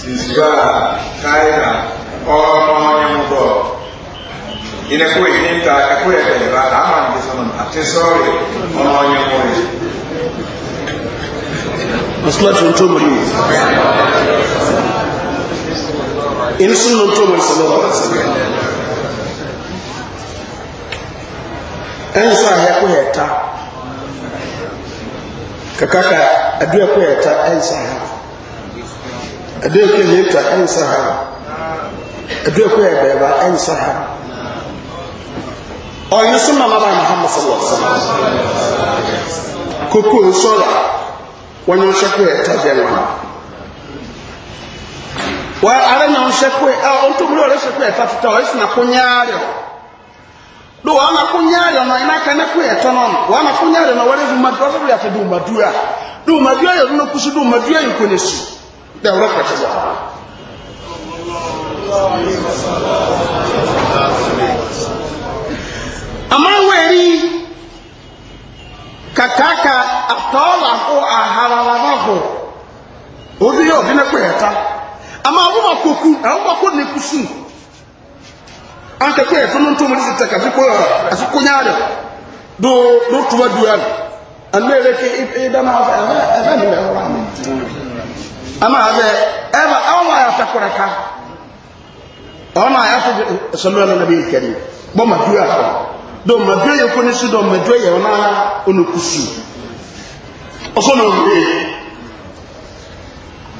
sinzibaa kaina ɔmɔnyɔmɔdɔ ina ko yi ni ta ko yɛ bɛyɛ ba ama n ti sɔn a ti sɔɔri ɔmɔnyɔmɔdɔ. masalasi n tó mo yi o n sún n tó mo sọlọ ọrọ sẹlẹ ɛn sọ ahẹ ko yɛ ta kaka ka adu yɛ ko yɛ ta ɛn sọ ahẹ ɛdɛ kɔ yɛ twa ɛnsa ha ɛdɛ kɔ yɛ bɛɛba ɛnsa ha ɔyɛ so nam aba muhammad sallallahu alaihi wasallam koko nsɔra wɔn nhyɛ kɔ yɛ ta bɛn wɔn wa ara na nhyɛ kɔ yɛ a ɔntomri ɔrɛ hyɛ kɔ yɛ ta tata ɔyɛ so na kɔ nyaare do wɔn na kɔ nyaare na kɔ no wɔn na kɔ nyaare hɔ wɔn na kɔ nyaare hɔ wɔn na kɔ nyaare hɔ wɔn na kɔ nyaare hɔ wɔn na kɔ nyaare hɔ wɔn na kɔ nyaare hɔ wɔn na kɔ nyaare hɔ wɔn na kɔ nyaare da rahmatu Allah amma wani kakaka atọ́la ho aharara na ho obi yɛ obi ne kpɛ ɛta ama ahoma koku ahoma ko ne kusu anka kpɛ ɛfɛ no ntomo ne sɛ tɛka fi kɔyɔ ɛfɛ konya de do do tuba dua no ɛnna yɛrɛ ke ɛda na ɛfɛ ɛfɛ ne bɛ ɛwɔ ano. ama ha abe. Ebe, ɔmo ayɛ atakora ka ɔmo ayɛ ato sɔlɔ na nabi kari bɔ maduro akɔ do maduro yɛ ko ne su do maduro yɛ ɔna su Oso na owurɛ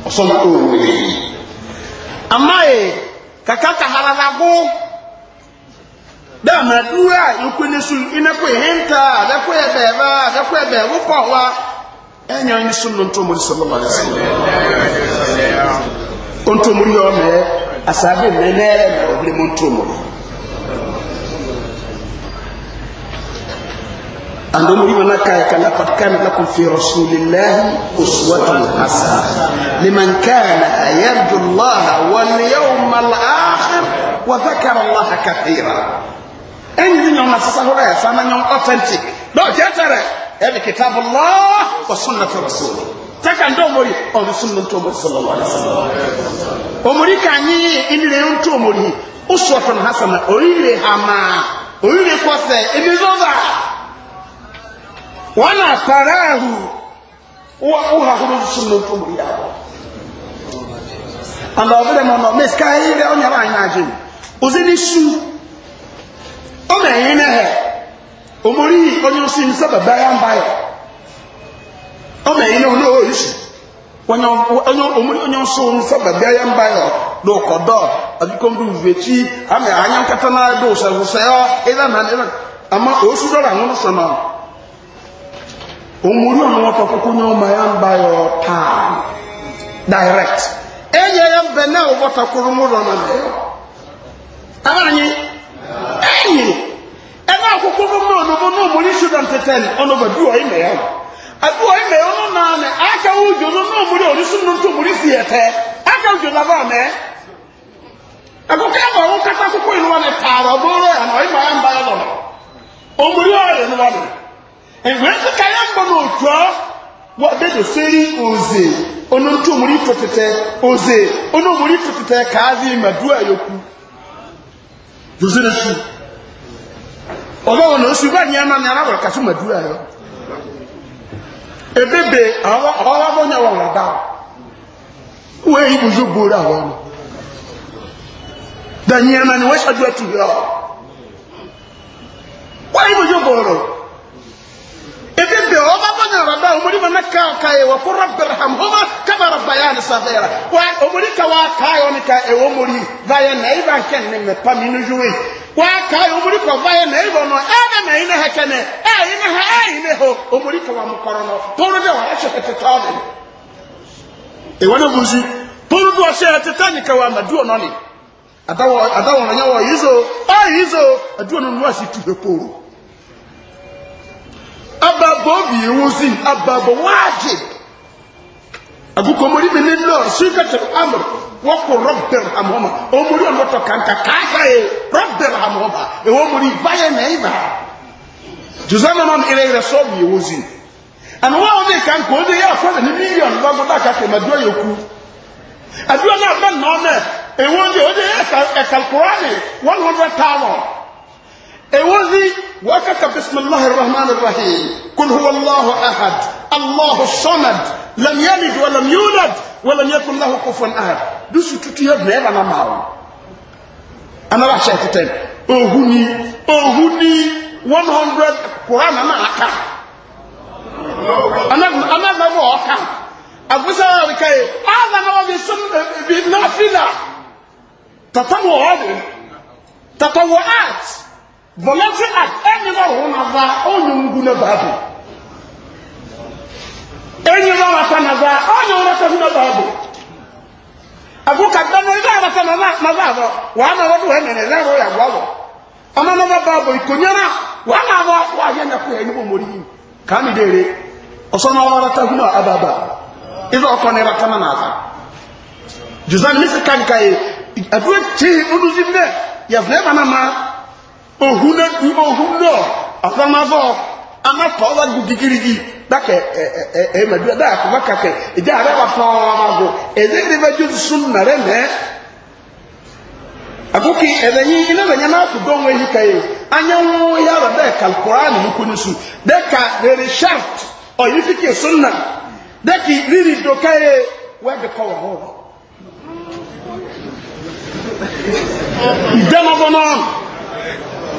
ɔsɔ ama yɛ e, kaka kahara na go dɛ maduro a yɛ ko ne su ina ko hinta adɛ wa. ɛnyɛ anyi sunno ntomori sɔlɔlɔ ɛsɛ ntomori yɛ ɔmɛ asaabe mɛnɛ na ɔbɛrɛ mu ntomori andomori mana kaayɛ kana patkan lakum fi rasulillahi uswatun hasana liman kana yarju allaha wal yawma al akhir wa dhakara allaha kathira ɛnyi nyɔn na sasa hɔrɔ yɛ sanna nyɔn authentic dɔw jɛ tɛrɛ. ẹbi kitabu laa wa sunna rasuli taka ndé omuli ọdún sunna omori wasallam kanyi omori hasana oríire hama oríire kọsẹ ebi wana wọn àtàrà ẹhù wọn omori yà and ọbẹ dẹ nọ anyi su omori onye nsi onye sábà bá yá ń bá yẹ ọmọ ẹ̀yin onye nso m sábà ya yá ń bá yẹ ló kọ dọ àbíkọ́ nkata wùwé tí àmì ya kẹta na dò ama ọ́ ẹ̀dá sọ náà omori ọ̀nà wọn direct Eme akwụkwọ mmụọ ọnụmụ na omori sudan teten ọnụba bi ya abi ọyị mee ọnụ naanị aka ụjọ na omori orisu na ntụ omori si aka ụjọ na mee akụkọ ọnwụ kata akwụkwọ ịnụ nwanne taara ọbụrụ ya na ọyị ya mba ya nọ ọrịa e ya mba ọ oze ọnụ ntụ oze ọnụ ka ma duo ya okwu na ọba wọn náà ṣùgbọ́n ní ẹ̀ma ní arábọ̀rọ̀ kàtó màdúrà yọ ebebe àwọn ọlọ́wọ́ ní ọwọ́ ọ̀dà wọ́n èyí bùjú gbòòrò àwọn ọ̀nà dàní ẹ̀ma ni wọ́n ṣàdúrà tù yọ wọ́n èyí bùjú gbòòrò ebebe ọba bọnyẹ rada omori ma naka ọka yi wọkọ rọbẹrẹ ham ọba kaba rọba ya ni safẹra wa omori ka wa kaa ni ka ewo mori na eba ne mẹpa mi ni wa ka vaya na eba nọ ẹ na ma yin ha kẹnẹ ẹ yin ha ẹ ni mo zu pọrọ de wa ṣe tètè ni ka wa ma du ọ nọ ni adawọ adawọ ọnyẹ wọ yizo ọ yizo adu ọ nọ nù wá sí tu he poro ababọ obi ewu si ababọ waaji agukomori mi ni lọr sikẹtẹ amr wọkọ rọbẹr hamọma omori ọlọtọ kanka kaasa ye rọbẹr hamọma ewu omori bayẹ nẹyìnbá jùzọ́nà mọ́mí ilẹ̀ ilẹ̀ sọ́ọ̀bù yẹ̀wò zi àmì wọ́n ọdún ìkan kò dé yẹ́ fọ́nà ní mílíọ̀nù bá gbọ́dá kàkẹ́ mẹ́dúró yòókù àdúrà náà bẹ́ẹ̀ nà ọ́nà èwo ń dé ó dé ẹ̀kàlkùránì one hundred thousand ايوذي وكك بسم الله الرحمن الرحيم قل هو الله احد الله الصمد لم يلد ولم يولد ولم يكن له كفوا احد دوسو تتيب انا ماو انا راح كتاب اوهني اوهني 100 قران انا اكا انا انا ما مو اكا افسا ركاي انا ما بيسم بنافله تطوعات تطوعات voluntary act ẹnyẹrẹ ọhún nàza ọnyẹ ngu ne baabu ẹnyẹrẹ ọhún nàza ọnyẹ ngu ne sẹfún ne baabu agukata ní ẹgbẹ abasa nàza nàza àbọ wàá nà ọdún ẹnẹ ní ẹrọ yà wọ àbọ ọmọ nàza baabu yẹ yìí kàmi dèrè ọsọ náà wọn rata àbàbà ọkọ rata náà nàza ní yìí tí ọdún sí yẹ ohun náà àfọmáfọ amáfọwọ́ gùn kìkìrìkì dákẹ́ ẹ̀ẹ́mẹ̀dúrà dáa kò bá kàkẹ́ ìjà rẹ̀ wà fọ́ọ́mọ́gò ẹ̀dẹ́ ní bẹ́ẹ̀ jésù sún nà rẹ̀ mẹ́. àkókò ẹ̀dẹ̀ yín iná bẹ̀ yẹn máa kú dọ́n wọ́n yìí kẹ́yẹ anyanwó yàrá bẹ́ẹ̀ kàlùkùrá rere wee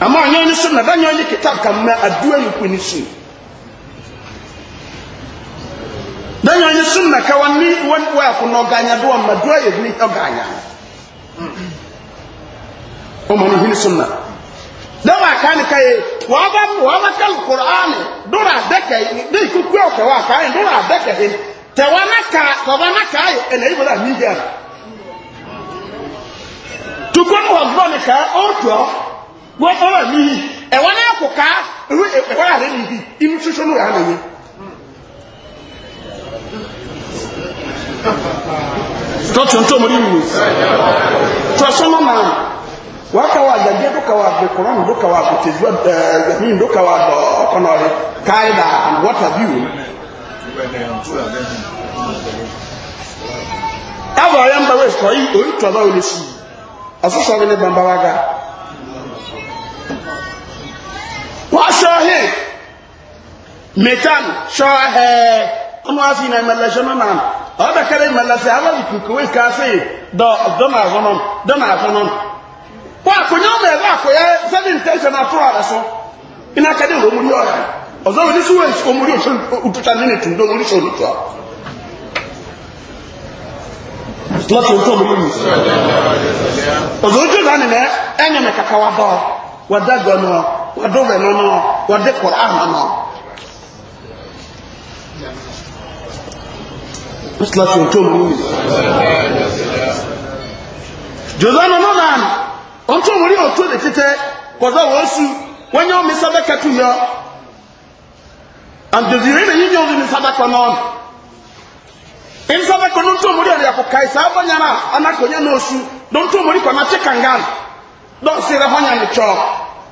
ama ɔnyɛ ne so na da nyɛ ɔnyɛ kitab ka mma adua yi kɔ ne so da nyɛ ɔnyɛ so na ka wɔne wɔn wɔ ako na ɔganya do ɔma dua yɛ huni ɔganya ɔma ne huni so na da wɔ aka ne ka yɛ wɔaba wɔaba ka nkoroane dora adaka yi de ikuku ɔka wɔ aka yi dora adaka yi tɛwa na ka tɔba na ka yi ɛna ebi na ne yɛ tukɔ no wɔ gbɔ ne ka ɔtɔ. wọ́n fọ́n wà níyì ẹ̀wọ́n náà kò ká ẹ̀wọ́n yà lẹ́nu yìí ṣoṣo ló yà stop lẹ́yìn. tọ́tù tó mọ̀ nínú tọ́sọ́nà náà wọ́n kà wá àjàjẹ́ ló kà wá àgbẹ̀ kọ́rọ́n ló kà wá àgbẹ̀tẹ̀ ẹ̀mí and what have وشاهد ميتان شاهد أما أسينا ملشنا نعم هذا كلام ملشة هذا يكون كويس كاسي دا دنا زنون دنا زنون وأكو يوم يبقى أكو يا زين تيجي نطلع رسول إن كده هو مليون ọ̀zọ́ wọn ní sí wọ́n ìṣòkò mórí òṣèlú òtútà nínú ìtùndó orí ṣòro tó láti ọjọ́ mú mú ọ̀zọ́ ojú ìlànà ẹ̀yẹ̀mẹ̀ kàkà wà bọ́ wà dágbọ́n náà wadɔbɛ nono wɔde koran ama musulasi ɔtɔn mu yi jose nono nan ɔtɔn mu yi ɔtɔn de tete kɔsɛ wɔn su wɔn nyɛ ɔmi sábɛ kɛtu yɔ andodiri na yi nyɛ ɔmi sábɛ kɔ nɔn nsábɛ kɔ nontɔn mu yi ɔdi akɔ kai saa bɔ nyana anakonya n'osu nontɔn mu yi kɔ n'ate kangan dɔw sere hɔ nyɛ ne tsɔ.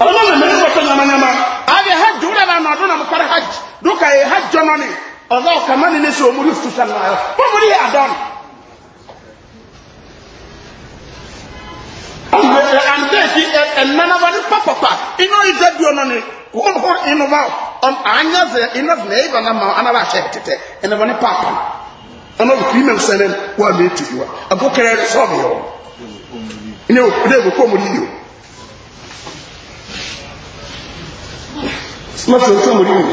ọlọ́run mi nígbà tó nyama nyama àbí hajj wúlẹ̀ náà nà ọdún náà mo kọ́ra hajj dúkà yẹ hajj ọ̀nà ni ọ̀dọ́ ọ̀kà má ni ní sọ omori fúta náà omori yẹ àdán. àndéèkì ẹ̀nànàbà ní pápápá iná ìjẹ́ bí ọ̀nà ni kókó inú bá ọm ànyàzẹ iná fún ẹ̀yìn bá nàmà anábà àṣẹ tẹ̀tẹ̀ ẹ̀nàbà ní pápá ọ̀nà òkú iná sẹ́lẹ̀ wà mí ètùtù wa àbúkẹ́rẹ́ sọ́ọ̀bù yọ mọ́tò tó mú rí mi.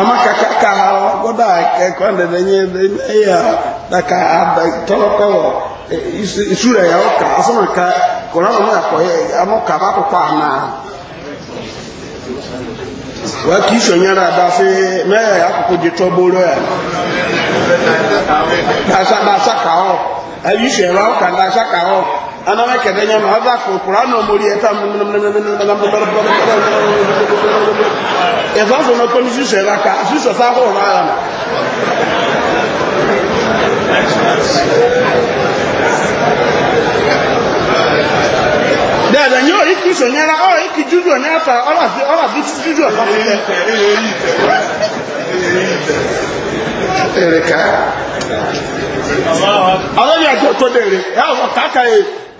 ama kaka kaha kódà kẹkọ ndẹdẹ nye ẹyà daka abẹ tọlọkọ isu rẹ yà ọkà asọmọ ká kọlá wọn náà kọ yẹ amọ kaba kọkọ àná. wà kì í sọnyára dáfẹ mẹyà akókò jẹ tọ bóró yà dasa dasa kàwọ ẹbí sọ ẹ wà ọkà dasa kàwọ anama kɛdɛ ɲɛ ma a b'a fɔ kuran n'o mori yɛ taa ɛfɛ sɔn na komi su sɛra ka su sɛ sa k'o ma yan. dada nyɛ o iki sɔ nyɛra ɔ iki juju o nyɛra fa ɔla fi ɔla fi juju o fa fi lɛ. ɛrɛ tó tó de yà wò kàkà yé.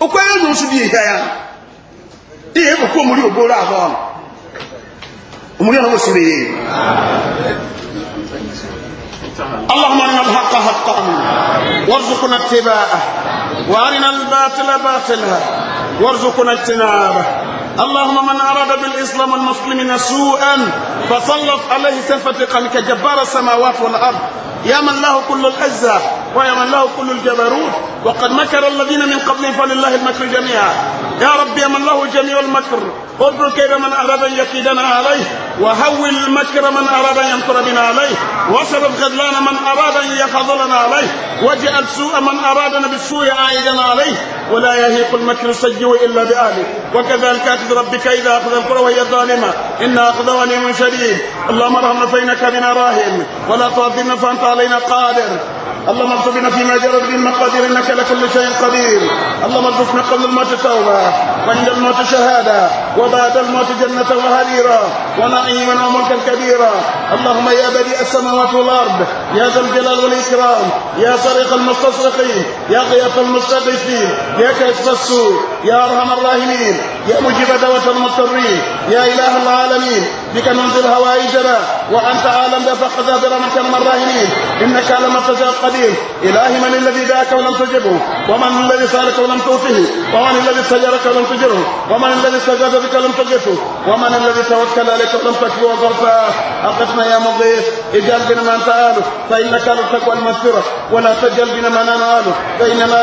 okwere na osu bi ehia ya اللهم ارنا الحق حقا وارزقنا اتباعه وارنا الباطل باطلا وارزقنا اجتنابه اللهم من أراد بالإسلام والمسلمين سوءا فسلط عليه سفة قلك جبار السماوات والأرض يا من له كل العزة ويمن له كل الجبروت وقد مكر الذين من قبلهم فلله المكر جميعا يا رب يا من له جميع المكر اضرب كيد من اراد ان يكيدنا عليه وهول المكر من اراد ان يمكر بنا عليه وسبب خذلان من اراد ان يخذلنا عليه واجعل سوء من ارادنا بالسوء عائدا عليه ولا يهيق المكر السيء الا باهله وكذلك اخذ ربك اذا اخذ القرى وهي ظالمه ان اخذ وليم شديد اللهم ارحمنا فانك بنا راهن ولا تعذبنا فانت علينا قادر اللهم ارزقنا فيما جرى به المقادير انك لكل شيء قدير اللهم ارزقنا قبل الموت توبه وعند الموت شهاده وبعد الموت جنه وهديرا ونعيما وملكا كبيرا اللهم يا بديء السماوات والارض يا ذا الجلال والاكرام يا صريخ المستصرخين يا غياث المستغيثين يا كاشف السوء يا ارحم الراحمين يا مجيب دعوة المضطرين يا إله العالمين بك ننزل هوائجنا وأنت عالم فاخذها برحمتك الراهنين إنك لما تجاء القديم إلهي من الذي دعاك ولم تجبه ومن الذي سألك ولم توفه ومن الذي سيرك ولم تجره ومن الذي سجد بك لم تجفه ومن الذي توكل عليك ولم تكفه وغرفه أقفنا يا مضيف اجعل بنا ما أنت آله فإنك على المغفرة ولا تجعل بنا ما ننعاله فإننا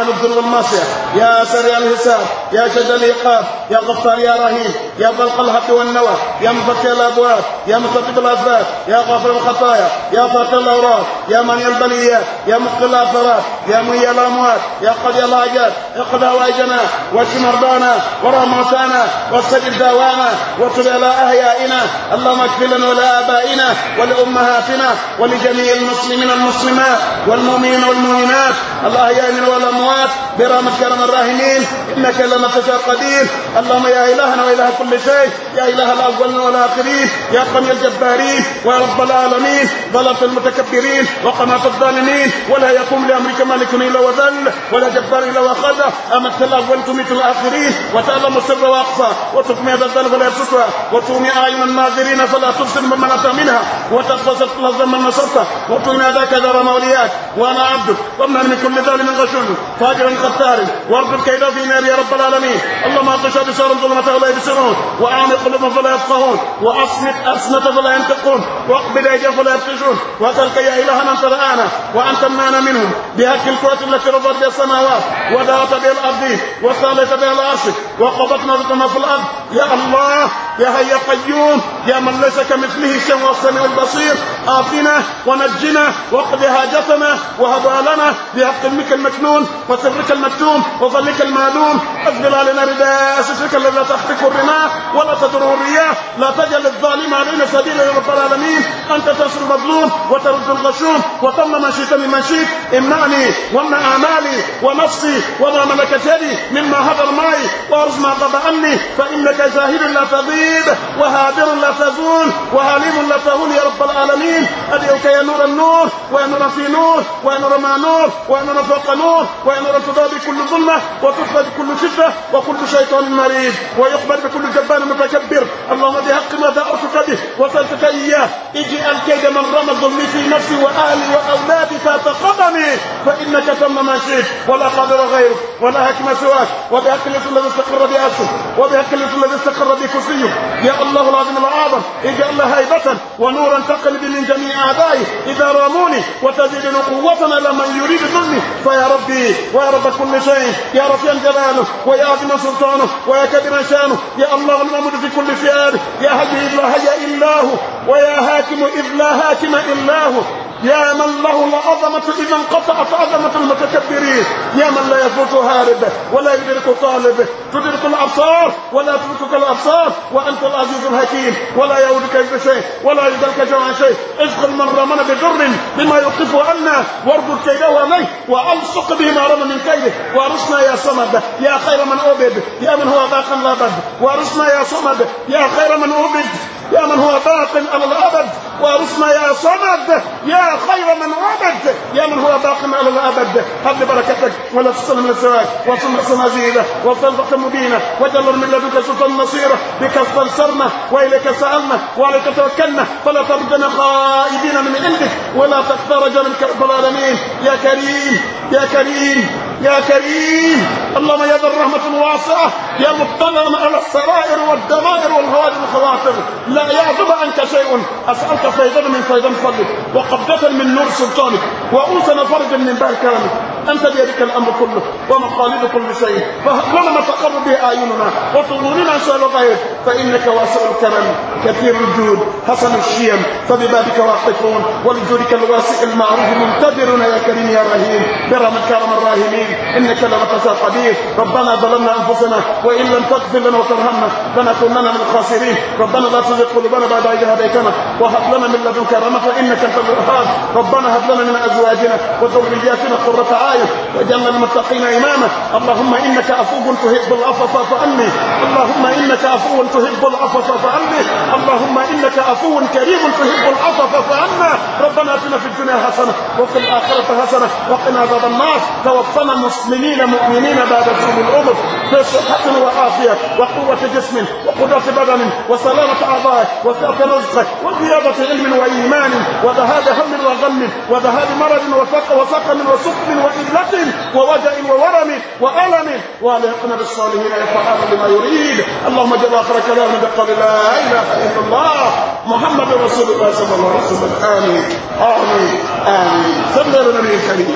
أهل الذل والمعصية يا سريع الحساب يا شجل الإقامة الأبواب يا غفار يا رهيب يا ذا الحق والنوى يا مفتح الأبواب يا مستطيب الأسباب يا غافر الخطايا يا فاتح الأوراق يا من البليات يا مخل الأثرات يا مهي الأموات يا قضي الأعجاز اقضى واجنا واشف مرضانا ورى موتانا واستجب دوانا وتب إلى أحيائنا اللهم اكفي لنا ولآبائنا ولأمهاتنا ولجميع المسلمين المسلمات والمؤمنين والمؤمنات الأحياء والأموات برحمتك يا الراحمين إنك لما تشاء قدير اللهم يا إلهنا وإله كل شيء يا إله الأولين والآخرين يا قمي الجبارين ويا رب العالمين ظلف المتكبرين وقناة الظالمين ولا يقوم لأمرك مالك إلا وذل ولا جبار إلا وخذه أمت الأول تميت الآخرين وتعلم السر وأقصى وتقمي هذا الذنب ولا يبسطها وتومي أعين الناظرين فلا تبصر من منعت منها وتقصد الأرض من نصرتها وتومي هذا كذا مولياك وأنا عبدك وامنعني من كل من غشوم فاجر قتال وارجو كيدا في نار يا رب العالمين اللهم تغطش أبصارهم ظلمة فلا يبصرون وأعمي قلوبهم فلا يفقهون وأصمت ألسنة فلا ينطقون واقبل أيديهم فلا يبطشون وتلقى يا إلهنا أن ترآنا وانت تمنعنا منهم بهك الكرة التي رفعت بها السماوات ودارت بها الأرض وصالت بها العرش وقبضت نظرتنا في الأرض يا الله يا هيا قيوم يا من ليس كمثله شيء والسميع البصير آتنا ونجنا واقض حاجتنا وهب لنا بحق المك المكنون وسرك المكتوم وظلك المعلوم أسبل علينا رداء سترك الذي لا تحرك الرماح ولا تدر الرياح لا تجعل الظالم علينا سبيلا يا رب العالمين انت تنصر المظلوم وترد الغشوم وطم ما شئت مما شئت امنعني وامنع اعمالي ونفسي وما ملكت يدي مما هدر معي وارز ما غضب عني فانك زاهد لا تغيب وهادر لا تزول وهليم لا تهون يا رب العالمين ادعوك يا نور النور ويا نور في نور ويا نور مع نور ويا نور فوق نور ويا نور تضاد كل ظلمه وتفقد كل شده وكل شيطان شيطان ويقبل بكل جبان متكبر اللهم بحق ما تعرفك به وصلتك إياه اجي الكيد من رمى الظلم في نفسي وأهلي وأولادي فاتقدني فإنك ثم ما شئت ولا قادر غيرك ولا حكم سواك وبحق الاسم الذي استقر به أسف وبحق الاسم الذي استقر به كرسيه يا الله العظيم الأعظم اجعلنا هيبة ونورا تقلب من جميع أعدائي إذا راموني وتزيد قوتنا لمن يريد ظلمي فيا ربي ويا رب كل شيء يا رفيع جلاله ويا عظيم سلطانه ويا كبير شانه يا الله الممد في كل فئاته يا هدي الله يا الله ويا هاكم إذ لا هاكم إلا هو يا من له العظمة إذا انقطعت عظمة المتكبرين يا من لا يفوت هاربه ولا يدرك طالبه تدرك الأبصار ولا تدركك الأبصار وأنت العزيز الحكيم ولا يودك بشيء ولا يدرك جمع شيء اشغل من رمنا بضر بما يوقفه عنا واربط كيده عليه وألصق به ما رمى من كيده وارثنا يا صمد يا خير من عبد يا من هو باق لا بد وارثنا يا صمد يا خير من عبد يا من هو باق على الأبد وارثنا يا صمد يا خير من عبد يا من هو باق على الأبد هب بركتك ولا تسلم للزواج وصل محسن عزيزة وصدقة مبينة وجل من لدنك سلطان نصيرة بك استنصرنا وإليك سألنا وعليك توكلنا فلا تردنا خائبين من عندك ولا تختار جنبك رب العالمين يا كريم يا كريم يا كريم اللهم يا ذا الرحمة الواسعة يا مطلعا على السرائر والدمائر والهوادم والخواطر لا يعزب عنك شيء أسألك فيضا من فيضا فضلك وقبضة من نور سلطانك وأنسى فرج من بار كرمك أنت بيدك الأمر كله ومقاليد كل شيء فكلما تقر به أعيننا وتنظرنا سؤال غيرك فإنك واسع الكرم كثير الجود حسن الشيم فببابك واقفون ولجودك الواسع المعروف منتظرنا يا كريم يا رحيم برحمتك كرم ارحم الراحمين إنك تشاء قدير ربنا ظلمنا أنفسنا وإن لم تغفر لنا وترحمنا لنكونن من الخاسرين ربنا لا تزغ قلوبنا بعد إذ هديتنا وهب لنا من لدنك رحمة إنك أنت الوهاب ربنا هب لنا من أزواجنا وذرياتنا قرة أعين خير وجعلنا للمتقين إماما اللهم إنك عفو تحب العفو فاعف عني اللهم إنك عفو تحب العفو فاعف عني اللهم إنك عفو كريم تحب العفو فاعف عنا ربنا آتنا في الدنيا حسنة وفي الآخرة حسنة وقنا عذاب النار توفنا مسلمين مؤمنين بعد كل الأمر في صحة وعافية وقوة جسم وقدرة بدن وسلامة أعضائك وسعة رزقك وزيادة علم وإيمان وذهاب هم وغم وذهاب مرض وسقم وسقم وسقم وذلة ووجع وورم وألم وأن يقنى بالصالحين يفعل بما يريد اللهم جل آخر كلام دق لا إله إلا الله محمد رسول الله صلى الله عليه وسلم آمين آمين آمين صلى الله عليه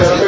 وسلم